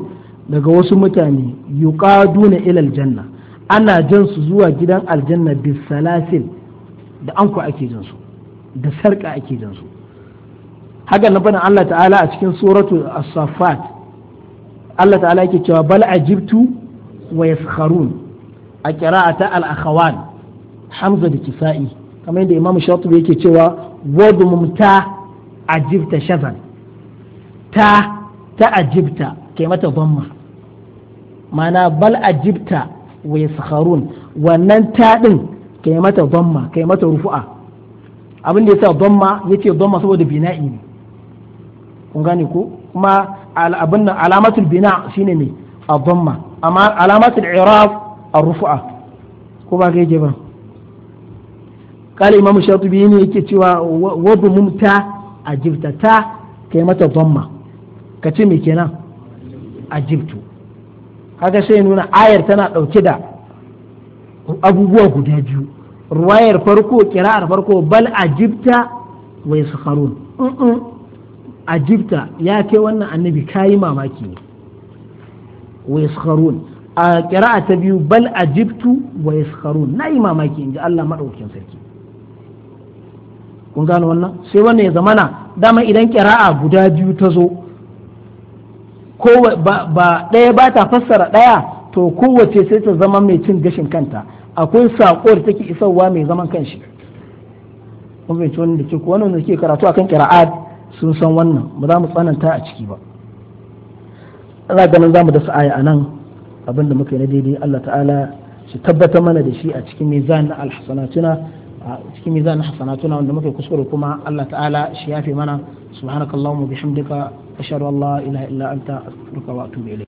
daga wasu mutane yuqaduna ila aljanna ana jan su zuwa gidan aljanna bisalasil da anko ake jan su da sarka ake jan su haka na bana Allah ta'ala a cikin suratu as-saffat Allah ta'ala yake cewa bal ajibtu wa yaskharun a qira'ata al-akhawan hamza da kisa'i kamar yadda imam shatubi yake cewa wadumum ta ajibta shazan ta ta ajibta ke mata gwamma mana bal ajibta wa yaskharun wannan ta din ke mata gwamma ke mata rufu'a abin da yasa gwamma yace gwamma saboda bina'i ne kun gane ko kuma abin nan alamatul bina shine ne a gwamma amma alamatul i'rab ar-rufu'a ko ba ka yi ba kala imamu shaɗu biyu ne yake cewa wadu ta a jifta ta kai mata zomma ka ce mai kenan a jiftu haka sai nuna ayar tana ɗauke da abubuwa guda biyu ruwayar farko kira'ar farko bal a jifta wai su faru a jifta ya ke wannan annabi kayi mamaki ne wai su faru a kira'a ta biyu bal a jiftu wai su faru na yi mamaki in ji Allah maɗaukin sarki kun gano wannan sai wannan ya zamana dama idan kira'a guda biyu ta zo ba ɗaya ba ta fassara ɗaya to kowace sai ta zama mai cin gashin kanta akwai saƙo da take isarwa mai zaman kanshi kun bai wannan da ke wannan da ke karatu akan kira'a sun san wannan ba za mu tsananta a ciki ba ana ganin za mu dasa aya a nan abinda muka yi na daidai Allah ta'ala shi tabbatar mana da shi a cikin mizan na alhassanatuna cikin mizan hasanatuna wanda muke kuskure kuma Allah ta'ala shi yafe mana subhanakallahumma bihamdika ashhadu an la ilaha illa anta astaghfiruka wa atubu ilayk